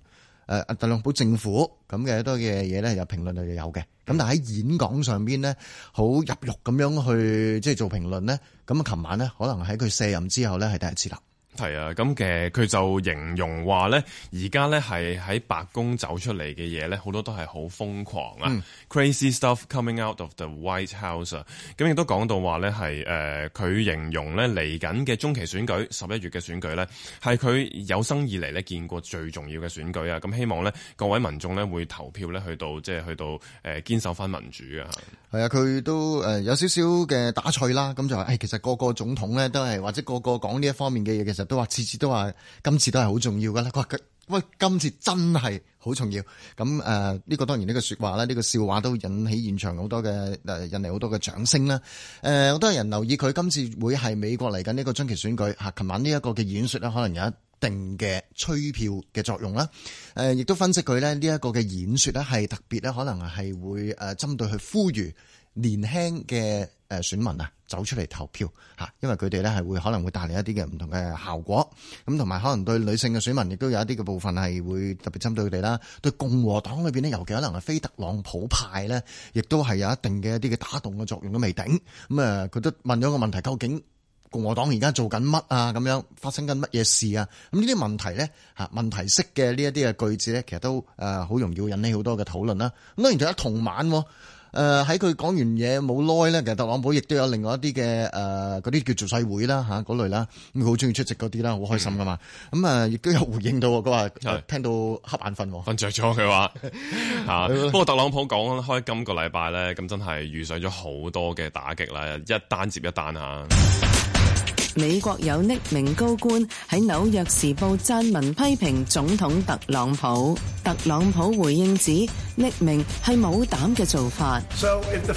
誒特朗普政府咁嘅多嘅嘢咧有評論就有嘅。咁但喺演講上邊咧，好入肉咁樣去即係做評論咧。咁啊，琴晚咧可能喺佢卸任之後咧係第一次啦。係啊，咁嘅佢就形容話咧，而家咧係喺白宮走出嚟嘅嘢咧，好多都係好瘋狂啊、嗯，crazy stuff coming out of the White House 啊。咁亦都講到話咧，係誒佢形容咧嚟緊嘅中期選舉，十一月嘅選舉咧，係佢有生以嚟咧見過最重要嘅選舉啊。咁希望咧各位民眾咧會投票咧去到即係去到誒堅、呃、守翻民主啊，係啊，佢都誒、呃、有少少嘅打趣啦，咁就話誒、哎、其實個個總統咧都係或者各個個講呢一方面嘅嘢其實。都話次次都話今次都係好重要噶啦，佢話佢喂，今次真係好重要，咁誒呢個當然呢個說話啦，呢個笑話都引起現場好多嘅誒引嚟好多嘅掌聲啦。誒好多人都留意佢今次會係美國嚟緊呢個中期選舉吓，琴晚呢一個嘅演說咧，可能有一定嘅吹票嘅作用啦。誒亦都分析佢咧呢一個嘅演說咧係特別咧，可能係會誒針對去呼籲。年輕嘅誒選民啊，走出嚟投票嚇，因為佢哋咧係會可能會帶嚟一啲嘅唔同嘅效果，咁同埋可能對女性嘅選民亦都有一啲嘅部分係會特別針對佢哋啦。對共和黨裏邊呢，尤其可能係非特朗普派咧，亦都係有一定嘅一啲嘅打動嘅作用都未定。咁啊，佢都問咗個問題：究竟共和黨而家做緊乜啊？咁樣發生緊乜嘢事啊？咁呢啲問題咧嚇，問題式嘅呢一啲嘅句子咧，其實都誒好容易引起好多嘅討論啦。咁當然仲有一同晚。誒，喺佢講完嘢冇耐咧，其實特朗普亦都有另外一啲嘅誒，嗰、呃、啲叫做世會啦吓，嗰、啊、類啦，咁佢好中意出席嗰啲啦，好開心噶嘛。咁、嗯、啊，亦、呃、都有回應到，佢話是聽到瞌眼瞓，瞓着咗佢話吓。不過特朗普講開今個禮拜咧，咁真係遇上咗好多嘅打擊啦，一單接一單啊。美國有匿名高官喺《紐約時報》撰文批評總統特朗普，特朗普回應指匿名係冇膽嘅做法。So, if the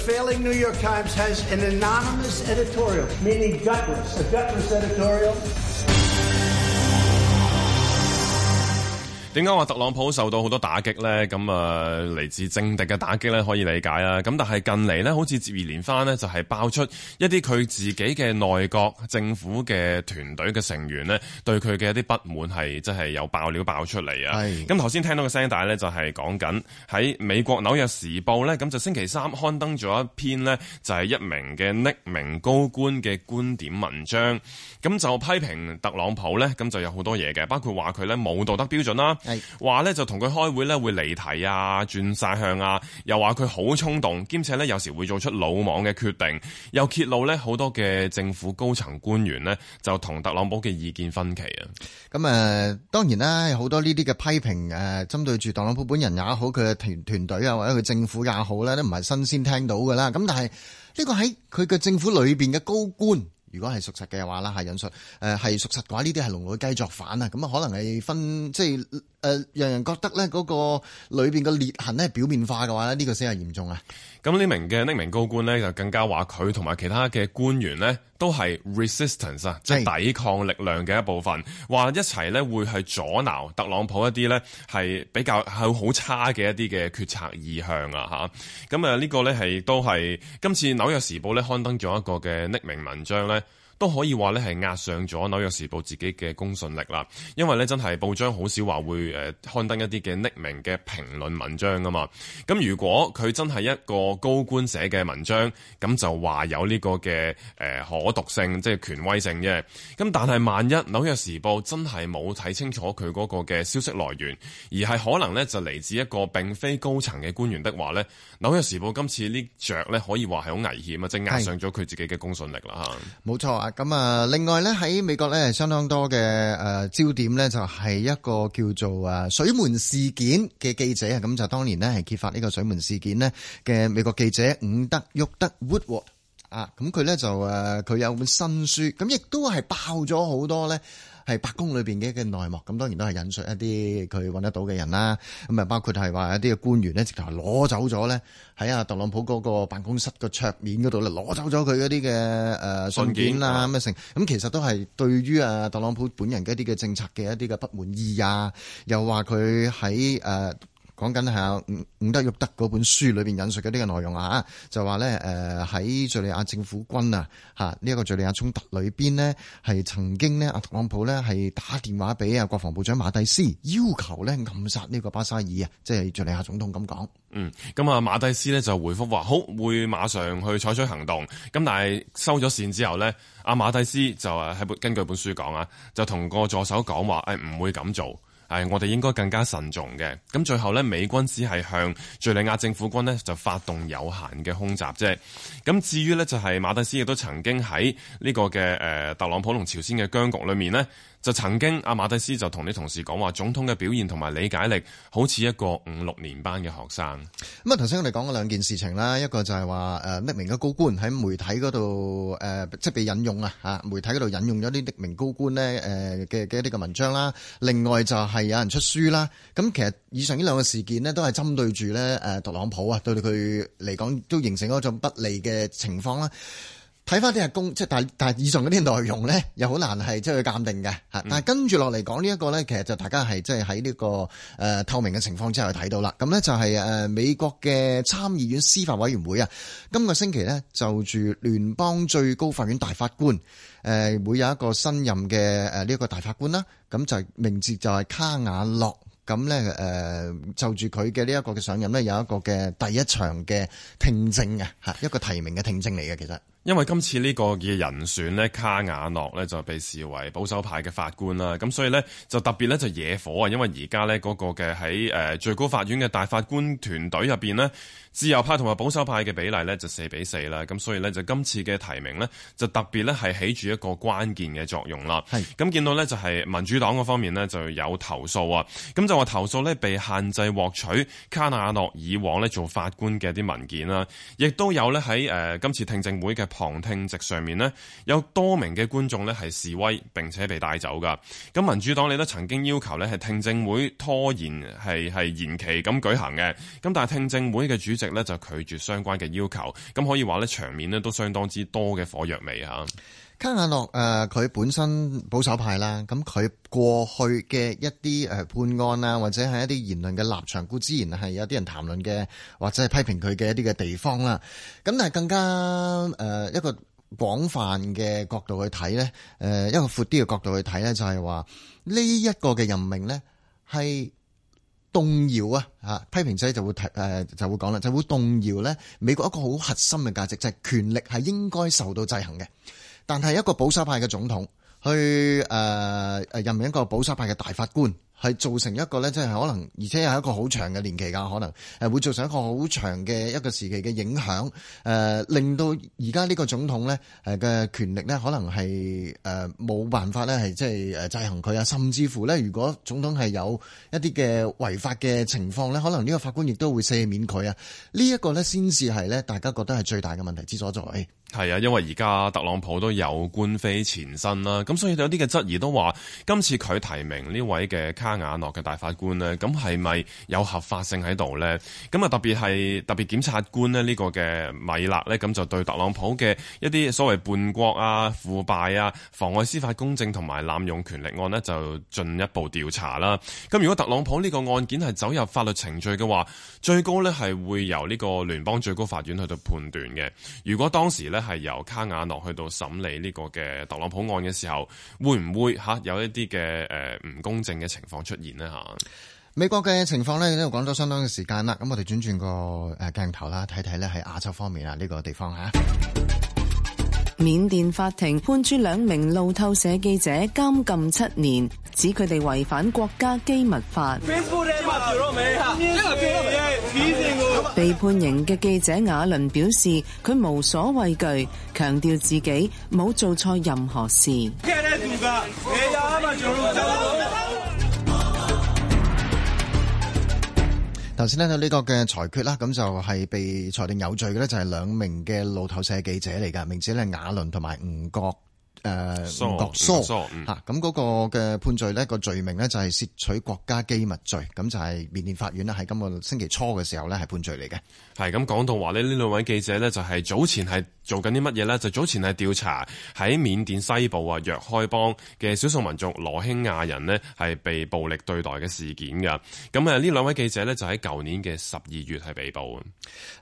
點解話特朗普受到好多打擊呢？咁啊，嚟自政敵嘅打擊呢，可以理解啦。咁但係近嚟呢，好似接二連番呢，就係、是、爆出一啲佢自己嘅內閣政府嘅團隊嘅成員呢，對佢嘅一啲不滿係真係有爆料爆出嚟啊！咁頭先聽到個聲帶呢，就係講緊喺美國紐約時報呢，咁就星期三刊登咗一篇呢，就係、是、一名嘅匿名高官嘅觀點文章，咁就批評特朗普呢，咁就有好多嘢嘅，包括話佢呢冇道德標準啦。係話咧，就同佢開會咧會離題啊，轉晒向啊，又話佢好衝動，兼且咧有時會做出魯莽嘅決定，又揭露咧好多嘅政府高層官員呢就同特朗普嘅意見分歧啊。咁啊、呃，當然啦，好多呢啲嘅批評誒，呃、針對住特朗普本人也好，佢嘅團團隊啊，或者佢政府也好咧，都唔係新鮮聽到噶啦。咁但係呢、這個喺佢嘅政府裏邊嘅高官，如果係屬實嘅話啦，係引述誒係屬實嘅話，呢啲係籠裏雞作反啊。咁啊，可能係分即係。誒、呃，讓人，人覺得咧嗰、那個裏邊嘅裂痕咧表面化嘅話咧，呢、這個先係嚴重啊！咁呢名嘅匿名高官咧，就更加話佢同埋其他嘅官員呢，都係 resistance 啊，即係抵抗力量嘅一部分，話一齊呢，會係阻撓特朗普一啲呢係比較係好差嘅一啲嘅決策意向啊！吓，咁誒呢個呢，係都係今次紐約時報呢刊登咗一個嘅匿名文章呢。都可以話咧係壓上咗紐約時報自己嘅公信力啦，因為咧真係報章好少話會誒刊登一啲嘅匿名嘅評論文章㗎嘛。咁如果佢真係一個高官寫嘅文章，咁就話有呢個嘅誒可讀性，即係權威性啫。咁但係萬一紐約時報真係冇睇清楚佢嗰個嘅消息來源，而係可能咧就嚟自一個並非高層嘅官員的話咧，紐約時報今次呢着咧可以話係好危險啊，即係壓上咗佢自己嘅公信力啦嚇。冇錯啊。咁啊，另外咧喺美國咧相當多嘅誒焦點咧，就係一個叫做誒水門事件嘅記者啊。咁就當年咧係揭發呢個水門事件咧嘅美國記者伍德沃德 Woodward 啊。咁佢咧就誒佢有本新書，咁亦都係爆咗好多咧。係白宮裏邊嘅一啲內幕，咁當然都係引述一啲佢揾得到嘅人啦。咁啊，包括係話一啲嘅官員咧，直頭係攞走咗咧，喺阿特朗普嗰個辦公室個桌面嗰度咧，攞走咗佢嗰啲嘅誒信件啊咁嘅成。咁其實都係對於阿特朗普本人嘅一啲嘅政策嘅一啲嘅不滿意啊，又話佢喺誒。呃講緊係啊，伍伍德沃德嗰本書裏邊引述嘅呢個內容啊，就話咧誒喺敘利亞政府軍啊吓呢一個敘利亞衝突裏邊呢係曾經呢阿特朗普呢係打電話俾阿國防部長馬蒂斯，要求咧暗殺呢個巴沙爾啊，即係敘利亞總統咁講。嗯，咁啊馬蒂斯呢就回复話好，會馬上去採取行動。咁但係收咗線之後呢阿馬蒂斯就誒喺根據本書講啊，就同個助手講話誒唔會咁做。係、哎，我哋應該更加慎重嘅。咁最後咧，美軍只係向敍利亞政府軍呢就發動有限嘅空襲啫。咁至於咧，就係、是、馬特斯亦都曾經喺呢、這個嘅誒、呃、特朗普同朝鮮嘅僵局裏面呢。就曾經阿馬蒂斯就同啲同事講話，總統嘅表現同埋理解力好似一個五六年班嘅學生。咁啊，頭先我哋講過兩件事情啦，一個就係話誒匿名嘅高官喺媒體嗰度誒即係被引用啊吓，媒體嗰度引用咗啲匿名高官呢誒嘅嘅一啲嘅文章啦。另外就係有人出書啦。咁啊，其實以上呢兩個事件呢，都係針對住咧誒特朗普啊，對佢嚟講都形成一種不利嘅情況啦。睇翻啲係公，即係但係但係以上嗰啲內容咧，又好難係即係去鑑定嘅嚇、嗯。但係跟住落嚟講呢一個咧，其實就大家係即係喺呢個誒透明嘅情況之下去睇到啦。咁咧就係、是、誒美國嘅參議院司法委員會啊，今個星期咧就住聯邦最高法院大法官誒會有一個新任嘅誒呢一個大法官啦。咁就名字就係卡瓦諾。咁、嗯、咧，誒就住佢嘅呢一個嘅上任咧，有一個嘅第一場嘅聽證吓，一個提名嘅聽證嚟嘅，其實。因為今次呢個嘅人選咧，卡瓦諾咧就被視為保守派嘅法官啦，咁所以咧就特別咧就惹火啊，因為而家咧嗰個嘅喺誒最高法院嘅大法官團隊入面咧。自由派同埋保守派嘅比例呢，就四比四啦，咁所以呢，就今次嘅提名呢，就特別呢，係起住一個關鍵嘅作用啦。咁見到呢，就係民主黨嗰方面呢，就有投訴啊，咁就話投訴呢，被限制獲取卡納諾以往呢，做法官嘅啲文件啦，亦都有呢，喺誒今次聽證會嘅旁聽席上面呢，有多名嘅觀眾呢，係示威並且被帶走噶。咁民主黨你都曾經要求呢，係聽證會拖延係係延期咁舉行嘅，咁但係聽證會嘅主即咧就拒絕相關嘅要求，咁可以話咧場面咧都相當之多嘅火藥味吓。卡亞諾誒，佢、呃、本身保守派啦，咁佢過去嘅一啲誒判案啊，或者係一啲言論嘅立場，固然係有啲人談論嘅，或者係批評佢嘅一啲嘅地方啦。咁但係更加誒、呃、一個廣泛嘅角度去睇咧，誒、呃、一個闊啲嘅角度去睇咧，就係話呢一個嘅任命咧係。是動搖啊！吓批評者就會提，誒就會講啦，就會動搖咧美國一個好核心嘅價值，就係、是、權力係應該受到制衡嘅。但係一個保守派嘅總統去誒誒任命一個保守派嘅大法官。係造成一個咧，即係可能，而且係一個好長嘅年期㗎，可能係會造成一個好長嘅一個時期嘅影響。誒、呃，令到而家呢個總統咧，誒嘅權力咧，可能係誒冇辦法咧，係即係誒制衡佢啊。甚至乎咧，如果總統係有一啲嘅違法嘅情況咧，可能呢個法官亦都會赦免佢啊。呢、這、一個咧，先至係咧，大家覺得係最大嘅問題之所在。係啊，因為而家特朗普都有官非纏身啦，咁所以有啲嘅質疑都話，今次佢提名呢位嘅。卡瓦諾嘅大法官呢，咁係咪有合法性喺度呢？咁啊，特別係特別檢察官呢，呢個嘅米勒呢，咁就對特朗普嘅一啲所謂叛國啊、腐敗啊、妨礙司法公正同埋濫用權力案呢，就進一步調查啦。咁如果特朗普呢個案件係走入法律程序嘅話，最高呢，係會由呢個聯邦最高法院去到判斷嘅。如果當時呢，係由卡瓦諾去到審理呢個嘅特朗普案嘅時候，會唔會吓有一啲嘅誒唔公正嘅情況？出現咧，吓，美國嘅情況咧，都講咗相當嘅時間啦。咁我哋轉轉個誒鏡頭啦，睇睇咧，喺亞洲方面啊呢個地方吓。緬甸法庭判處兩名路透社記者監禁七年，指佢哋違反國家機密法。被判刑嘅記者亞倫表示，佢無所畏懼，強調自己冇做錯任何事。頭先呢呢個嘅裁決啦，咁就係被裁定有罪嘅咧，就係兩名嘅路透社記者嚟噶，名字咧係雅倫同埋吳國。誒、呃、咁、so. 嗰、so. 嗯，嗰個嘅判罪呢，個罪名呢，就係竊取國家機密罪，咁就係緬甸法院呢，喺今個星期初嘅時候呢，係判罪嚟嘅。係咁講到話呢，呢兩位記者呢，就係早前係做緊啲乜嘢呢？就早前係調查喺緬甸西部啊若開邦嘅少數民族羅興亞人呢，係被暴力對待嘅事件噶。咁啊呢兩位記者呢，就喺舊年嘅十二月係被捕。誒、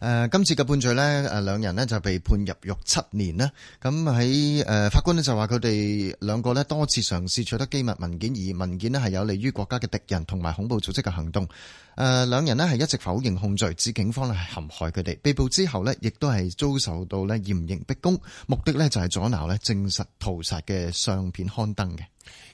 呃，今次嘅判罪呢，誒兩人呢，就被判入獄七年啦。咁喺誒法官。就話佢哋兩個呢，多次嘗試取得機密文件，而文件呢係有利於國家嘅敵人同埋恐怖組織嘅行動。誒、呃，兩人呢係一直否認控罪，指警方呢係陷害佢哋。被捕之後呢，亦都係遭受到嚴刑逼供，目的呢就係阻撓呢證實屠殺嘅相片刊登嘅。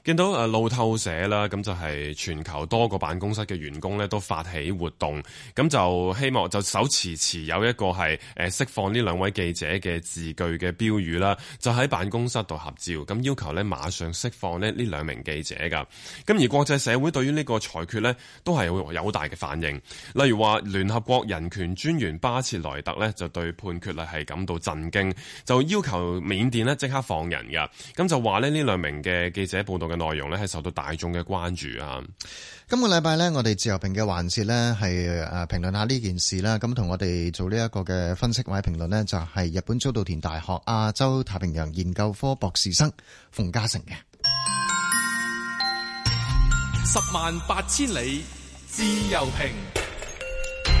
見到誒路透社啦，咁就係全球多個辦公室嘅員工咧，都發起活動，咁就希望就手持持有一個係誒釋放呢兩位記者嘅字句嘅標語啦，就喺辦公室度合照，咁要求咧馬上釋放呢兩名記者噶。咁而國際社會對於呢個裁決呢，都係有好大嘅反應，例如話聯合國人權專員巴切萊特呢，就對判決呢係感到震驚，就要求緬甸呢即刻放人噶，咁就話呢兩名嘅記者。報道嘅內容咧係受到大眾嘅關注啊！今個禮拜咧，我哋自由評嘅環節咧係誒評論下呢件事啦。咁同我哋做呢一個嘅分析或者評論咧，就係日本早稻田大學亞洲太平洋研究科博士生馮嘉誠嘅。十萬八千里自由評，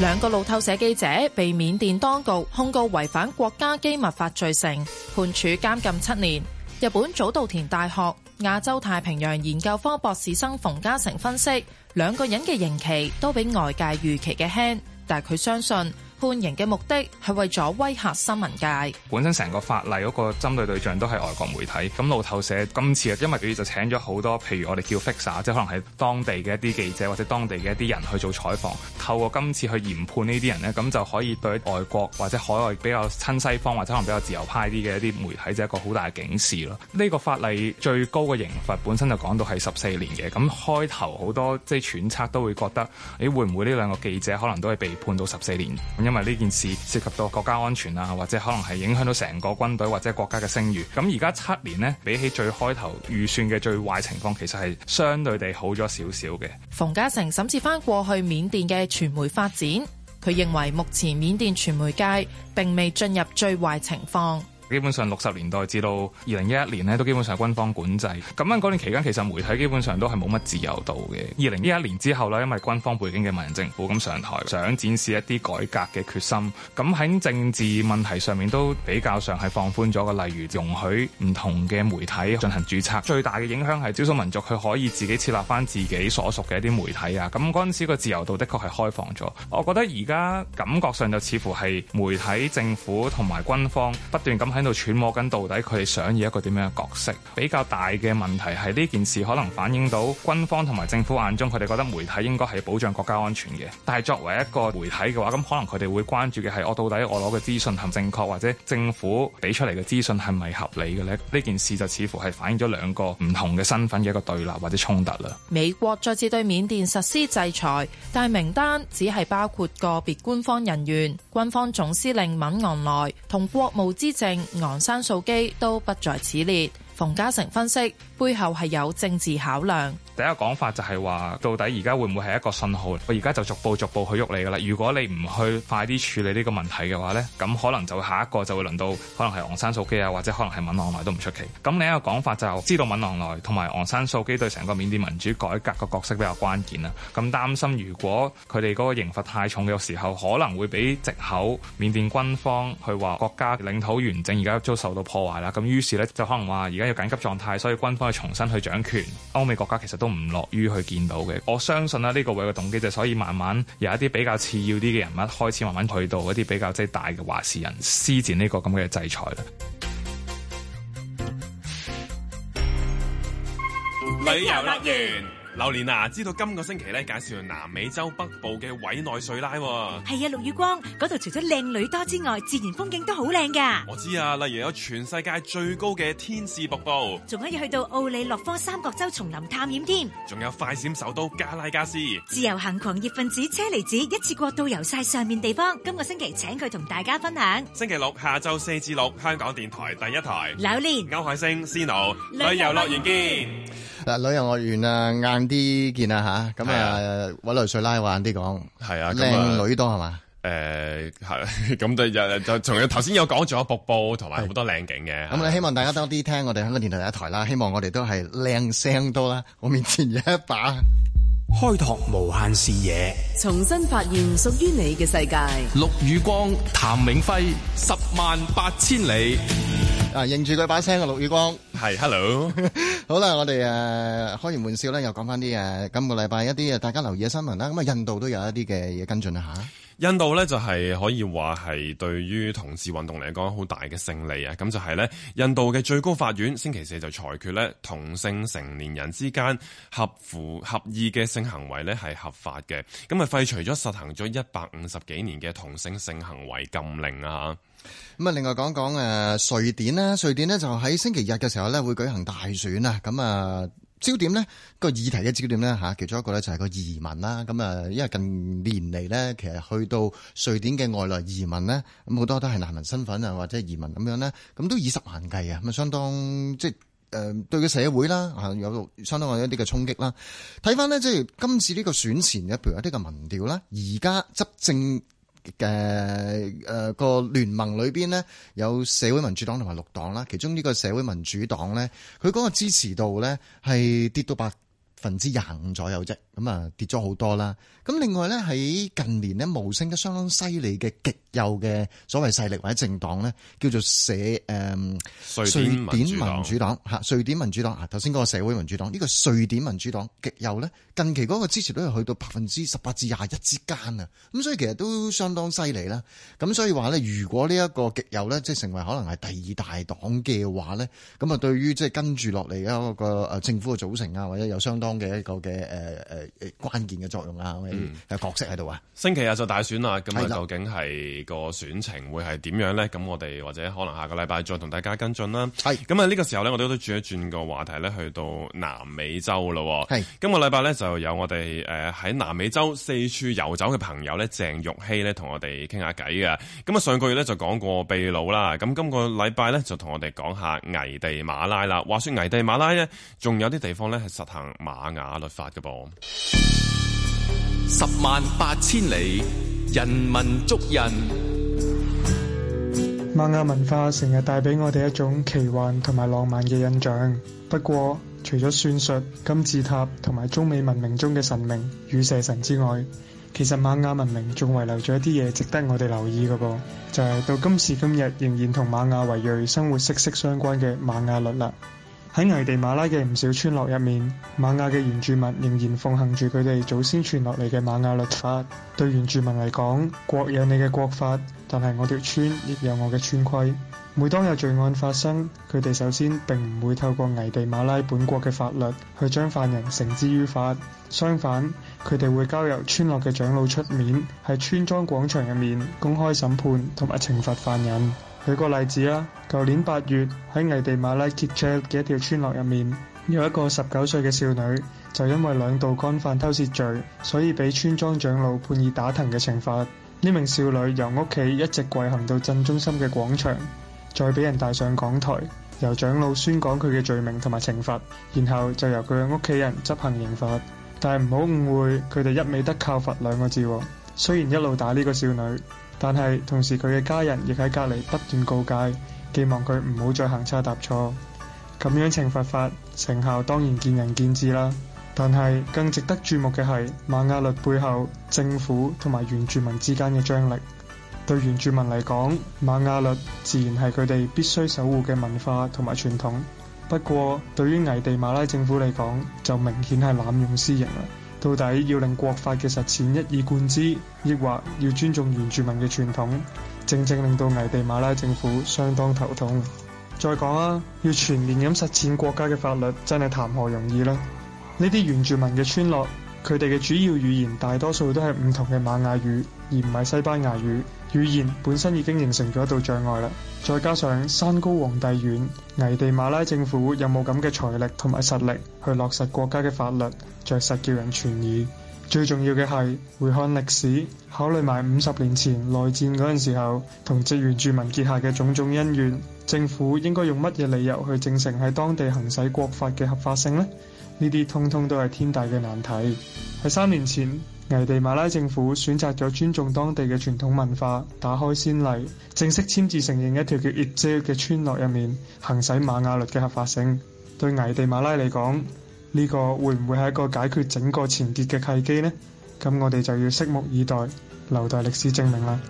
兩個路透社記者被緬甸當局控告違反國家機密法罪成，判處監禁七年。日本早稻田大學亞洲太平洋研究科博士生馮嘉誠分析，兩個人嘅刑期都比外界預期嘅輕，但係佢相信。判刑嘅目的係為咗威嚇新聞界。本身成個法例嗰個針對對象都係外國媒體。咁路透社今次啊，因為佢就請咗好多，譬如我哋叫 fixer，即係可能係當地嘅一啲記者或者當地嘅一啲人去做採訪。透過今次去研判呢啲人呢，咁就可以對外國或者海外比較親西方或者可能比較自由派啲嘅一啲媒體，就係、一個好大嘅警示咯。呢、呢個法例最高嘅刑罰本身就講到係十四年嘅。咁開頭好多即係揣測都會覺得，你、哎、會唔會呢兩個記者可能都係被判到十四年？因為呢件事涉及到國家安全啊，或者可能係影響到成個軍隊或者國家嘅聲譽。咁而家七年呢，比起最開頭預算嘅最壞情況，其實係相對地好咗少少嘅。馮嘉誠審視翻過去緬甸嘅傳媒發展，佢認為目前緬甸傳媒界並未進入最壞情況。基本上六十年代至到二零一一年呢都基本上軍方管制。咁樣嗰段期間其實媒體基本上都係冇乜自由度嘅。二零一一年之後呢，因為軍方背景嘅文人政府咁上台，想展示一啲改革嘅決心，咁喺政治問題上面都比較上係放寬咗嘅。例如容許唔同嘅媒體進行注冊，最大嘅影響係少數民族佢可以自己設立翻自己所屬嘅一啲媒體啊。咁嗰陣時個自由度的確係開放咗。我覺得而家感覺上就似乎係媒體政府同埋軍方不斷咁。喺度揣摩緊到底佢哋想要一個點樣嘅角色？比較大嘅問題，係呢件事可能反映到軍方同埋政府眼中，佢哋覺得媒體應該，係保障國家安全嘅。但係作為一個媒體嘅話，咁可能佢哋會關注嘅係我到底我攞嘅資訊係咪正確，或者政府俾出嚟嘅資訊，係咪合理嘅咧？呢，呢件事就似乎係反映咗兩個唔同嘅身份嘅一個對立或者衝突啦。美國再次對緬甸實施制裁，但係名單只係包括個別官方人員，軍方總司令敏昂萊同國務資政。昂山素基都不在此列。馮家成分析，背後係有政治考量。第一個講法就係話，到底而家會唔會係一個信號？我而家就逐步逐步去喐你噶啦。如果你唔去快啲處理呢個問題嘅話呢，咁可能就下一個就會輪到可能係昂山素基啊，或者可能係敏昂萊都唔出奇。咁另一個講法就係，知道敏昂萊同埋昂山素基對成個緬甸民主改革個角色比較關鍵啦。咁擔心如果佢哋嗰個刑罰太重嘅時候，可能會俾藉口緬甸軍方去話國家領土完整而家遭受到破壞啦。咁於是呢，就可能話而家要緊急狀態，所以軍方去重新去掌權。歐美國家其實都都唔樂於去見到嘅，我相信啦，呢個位嘅動機，就所以慢慢由一啲比較次要啲嘅人物開始慢慢去到一啲比較即係大嘅話事人，施展呢個咁嘅制裁啦。旅遊樂園。榴槤啊，知道今個星期咧介紹南美洲北部嘅委內瑞拉。係啊，陸宇、啊、光嗰度除咗靚女多之外，自然風景都好靚噶。我知啊，例如有全世界最高嘅天使瀑布，仲可以去到奧利諾科三角洲叢林探險添，仲有快閃首都加拉加斯。自由行狂熱分子車厘子一次過導遊晒上面地方。今個星期請佢同大家分享。星期六下晝四至六，香港電台第一台。榴槤，歐海星仙 n o 旅遊樂園見。嗱，旅遊樂園啊，硬啲見啊吓，咁啊搵流水拉玩啲講，係啊，靚女多係嘛？誒係、嗯，咁就就從頭先有講咗瀑布同埋好多靚景嘅，咁咧希望大家多啲聽我哋香港電台第一台啦，希望我哋都係靚聲多啦，我面前有一把。開拓無限視野，重新發現屬於你嘅世界。陸宇光，譚永輝，十萬八千里。啊，認住佢把聲嘅陸宇光係，Hello。 好啦，我哋誒、啊、開完玩笑咧，又講翻啲誒今個禮拜一啲啊大家留意嘅新聞啦。咁啊，印度都有一啲嘅嘢跟進一下。印度咧就係可以話係對於同志運動嚟講好大嘅勝利啊！咁就係咧，印度嘅最高法院星期四就裁決咧，同性成年人之間合乎合意嘅性行為咧係合法嘅，咁啊廢除咗實行咗一百五十幾年嘅同性性行為禁令啊！咁啊另外講講誒，瑞典啦。瑞典呢，就喺星期日嘅時候咧會舉行大選啊！咁啊。焦點呢個議題嘅焦點呢，其中一個呢就係個移民啦。咁啊，因為近年嚟呢，其實去到瑞典嘅外來移民呢，咁好多都係難民身份啊，或者移民咁樣呢，咁都以十萬計啊，咁啊相當即係誒對個社會啦有相當有一啲嘅衝擊啦。睇翻呢，即係今次呢個選前嘅，譬如有啲嘅民調啦，而家執政。嘅、呃、誒、呃、個聯盟裏邊咧，有社會民主黨同埋綠黨啦。其中呢個社會民主黨咧，佢嗰個支持度咧係跌到百分之廿五左右啫，咁啊跌咗好多啦。咁另外咧喺近年咧，無聲得相當犀利嘅極右嘅所謂勢力或者政黨咧，叫做社誒、嗯、瑞典民主黨吓瑞典民主黨啊，頭先嗰個社會民主黨呢、這個瑞典民主黨極右咧，近期嗰個支持率都係去到百分之十八至廿一之間啊，咁所以其實都相當犀利啦。咁所以話咧，如果呢一個極右咧，即係成為可能係第二大黨嘅話咧，咁啊對於即係跟住落嚟一個個誒政府嘅組成啊，或者有相當嘅一個嘅誒誒誒關鍵嘅作用啦、啊，咁、嗯、嘅角色喺度啊！星期日就大選啦，咁究竟係個選情會係點樣咧？咁我哋或者可能下個禮拜再同大家跟進啦。係咁啊，呢個時候咧，我哋都轉一轉個話題咧，去到南美洲咯。係今個禮拜咧，就有我哋誒喺南美洲四處遊走嘅朋友咧，鄭玉希咧，同我哋傾下偈嘅。咁啊，上個月咧就講過秘魯啦，咁今個禮拜咧就同我哋講下危地馬拉啦。話說危地馬拉咧，仲有啲地方咧係實行馬瑪雅律法嘅噃，十萬八千里，人民足印。瑪雅文化成日帶俾我哋一種奇幻同埋浪漫嘅印象。不過，除咗算術、金字塔同埋中美文明中嘅神明與蛇神之外，其實瑪雅文明仲遺留咗一啲嘢值得我哋留意嘅噃，就係、是、到今時今日仍然同瑪雅維瑞生活息息相關嘅瑪雅律法。喺危地馬拉嘅唔少村落入面，瑪雅嘅原住民仍然奉行住佢哋祖先傳落嚟嘅瑪雅律法。對原住民嚟講，國有你嘅國法，但係我條村亦有我嘅村規。每當有罪案發生，佢哋首先並唔會透過危地馬拉本國嘅法律去將犯人繩之於法，相反，佢哋會交由村落嘅長老出面喺村莊廣場入面公開審判同埋懲罰犯人。舉個例子啊，舊年八月喺危地馬拉基切嘅一條村落入面，有一個十九歲嘅少女，就因為兩道干犯偷竊罪，所以俾村莊長老判以打藤嘅懲罰。呢名少女由屋企一直跪行到鎮中心嘅廣場，再俾人帶上講台，由長老宣講佢嘅罪名同埋懲罰，然後就由佢嘅屋企人執行刑罰。但係唔好誤會，佢哋一味得靠罰兩個字，雖然一路打呢個少女。但係，同時佢嘅家人亦喺隔籬不斷告誡，寄望佢唔好再行差踏錯。咁樣懲罰法成效當然見仁見智啦。但係更值得注目嘅係馬雅律背後政府同埋原住民之間嘅張力。對原住民嚟講，馬雅律自然係佢哋必須守護嘅文化同埋傳統。不過，對於危地馬拉政府嚟講，就明顯係濫用私刑啦。到底要令國法嘅實踐一以貫之，抑或要尊重原住民嘅傳統，正正令到危地馬拉政府相當頭痛。再講啦，要全面咁實踐國家嘅法律，真係談何容易啦！呢啲原住民嘅村落，佢哋嘅主要語言大多數都係唔同嘅瑪雅語，而唔係西班牙語。語言本身已經形成咗一道障礙啦，再加上山高皇帝遠，危地馬拉政府有冇咁嘅財力同埋實力去落實國家嘅法律，着實叫人存疑。最重要嘅係，回看歷史，考慮埋五十年前內戰嗰陣時候同原住民結下嘅種種恩怨，政府應該用乜嘢理由去證成喺當地行使國法嘅合法性呢？呢啲通通都係天大嘅難題。喺三年前，危地馬拉政府選擇咗尊重當地嘅傳統文化，打開先例，正式簽字承認一條叫葉遮嘅村落入面行使馬雅律嘅合法性。對危地馬拉嚟講，呢個會唔會係一個解決整個前結嘅契機呢？咁我哋就要拭目以待，留待歷史證明啦。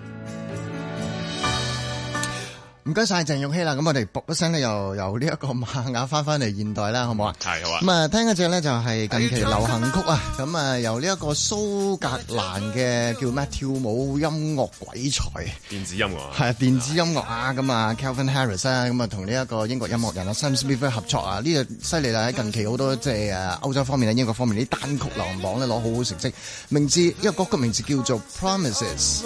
唔該曬鄭玉希啦，咁我哋卜嗰聲咧又由呢一個馬雅翻翻嚟現代啦，好唔好啊？係好啊！咁啊，聽嗰隻咧就係近期流行曲啊，咁啊由呢一個蘇格蘭嘅叫咩跳舞音樂鬼才，電子音樂啊，係電子音樂啊咁啊，Calvin Harris 啊，咁啊同呢一個英國音樂人啊 Sam Smith 合作啊，呢隻犀利啦喺近期好多即係誒歐洲方面啊英國方面啲單曲榜榜咧攞好好成績，名字一個歌曲名字叫做 Promises。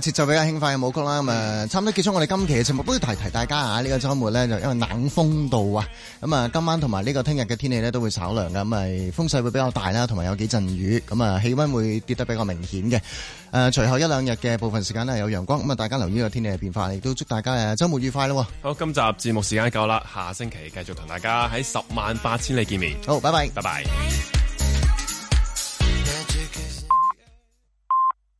節奏比較輕快嘅舞曲啦，咁啊，差唔多結束我哋今期嘅節目，不如提提大家啊，呢個周末咧就因為冷風度啊，咁啊，今晚同埋呢個聽日嘅天氣咧都會稍涼㗎，咁係風勢會比較大啦，同埋有幾陣雨，咁啊，氣溫會跌得比較明顯嘅。誒，隨後一兩日嘅部分時間咧有陽光，咁啊，大家留意個天氣嘅變化，亦都祝大家誒周末愉快咯。好，今集節目時間夠啦，下星期繼續同大家喺十萬八千里見面。好，拜拜，拜拜。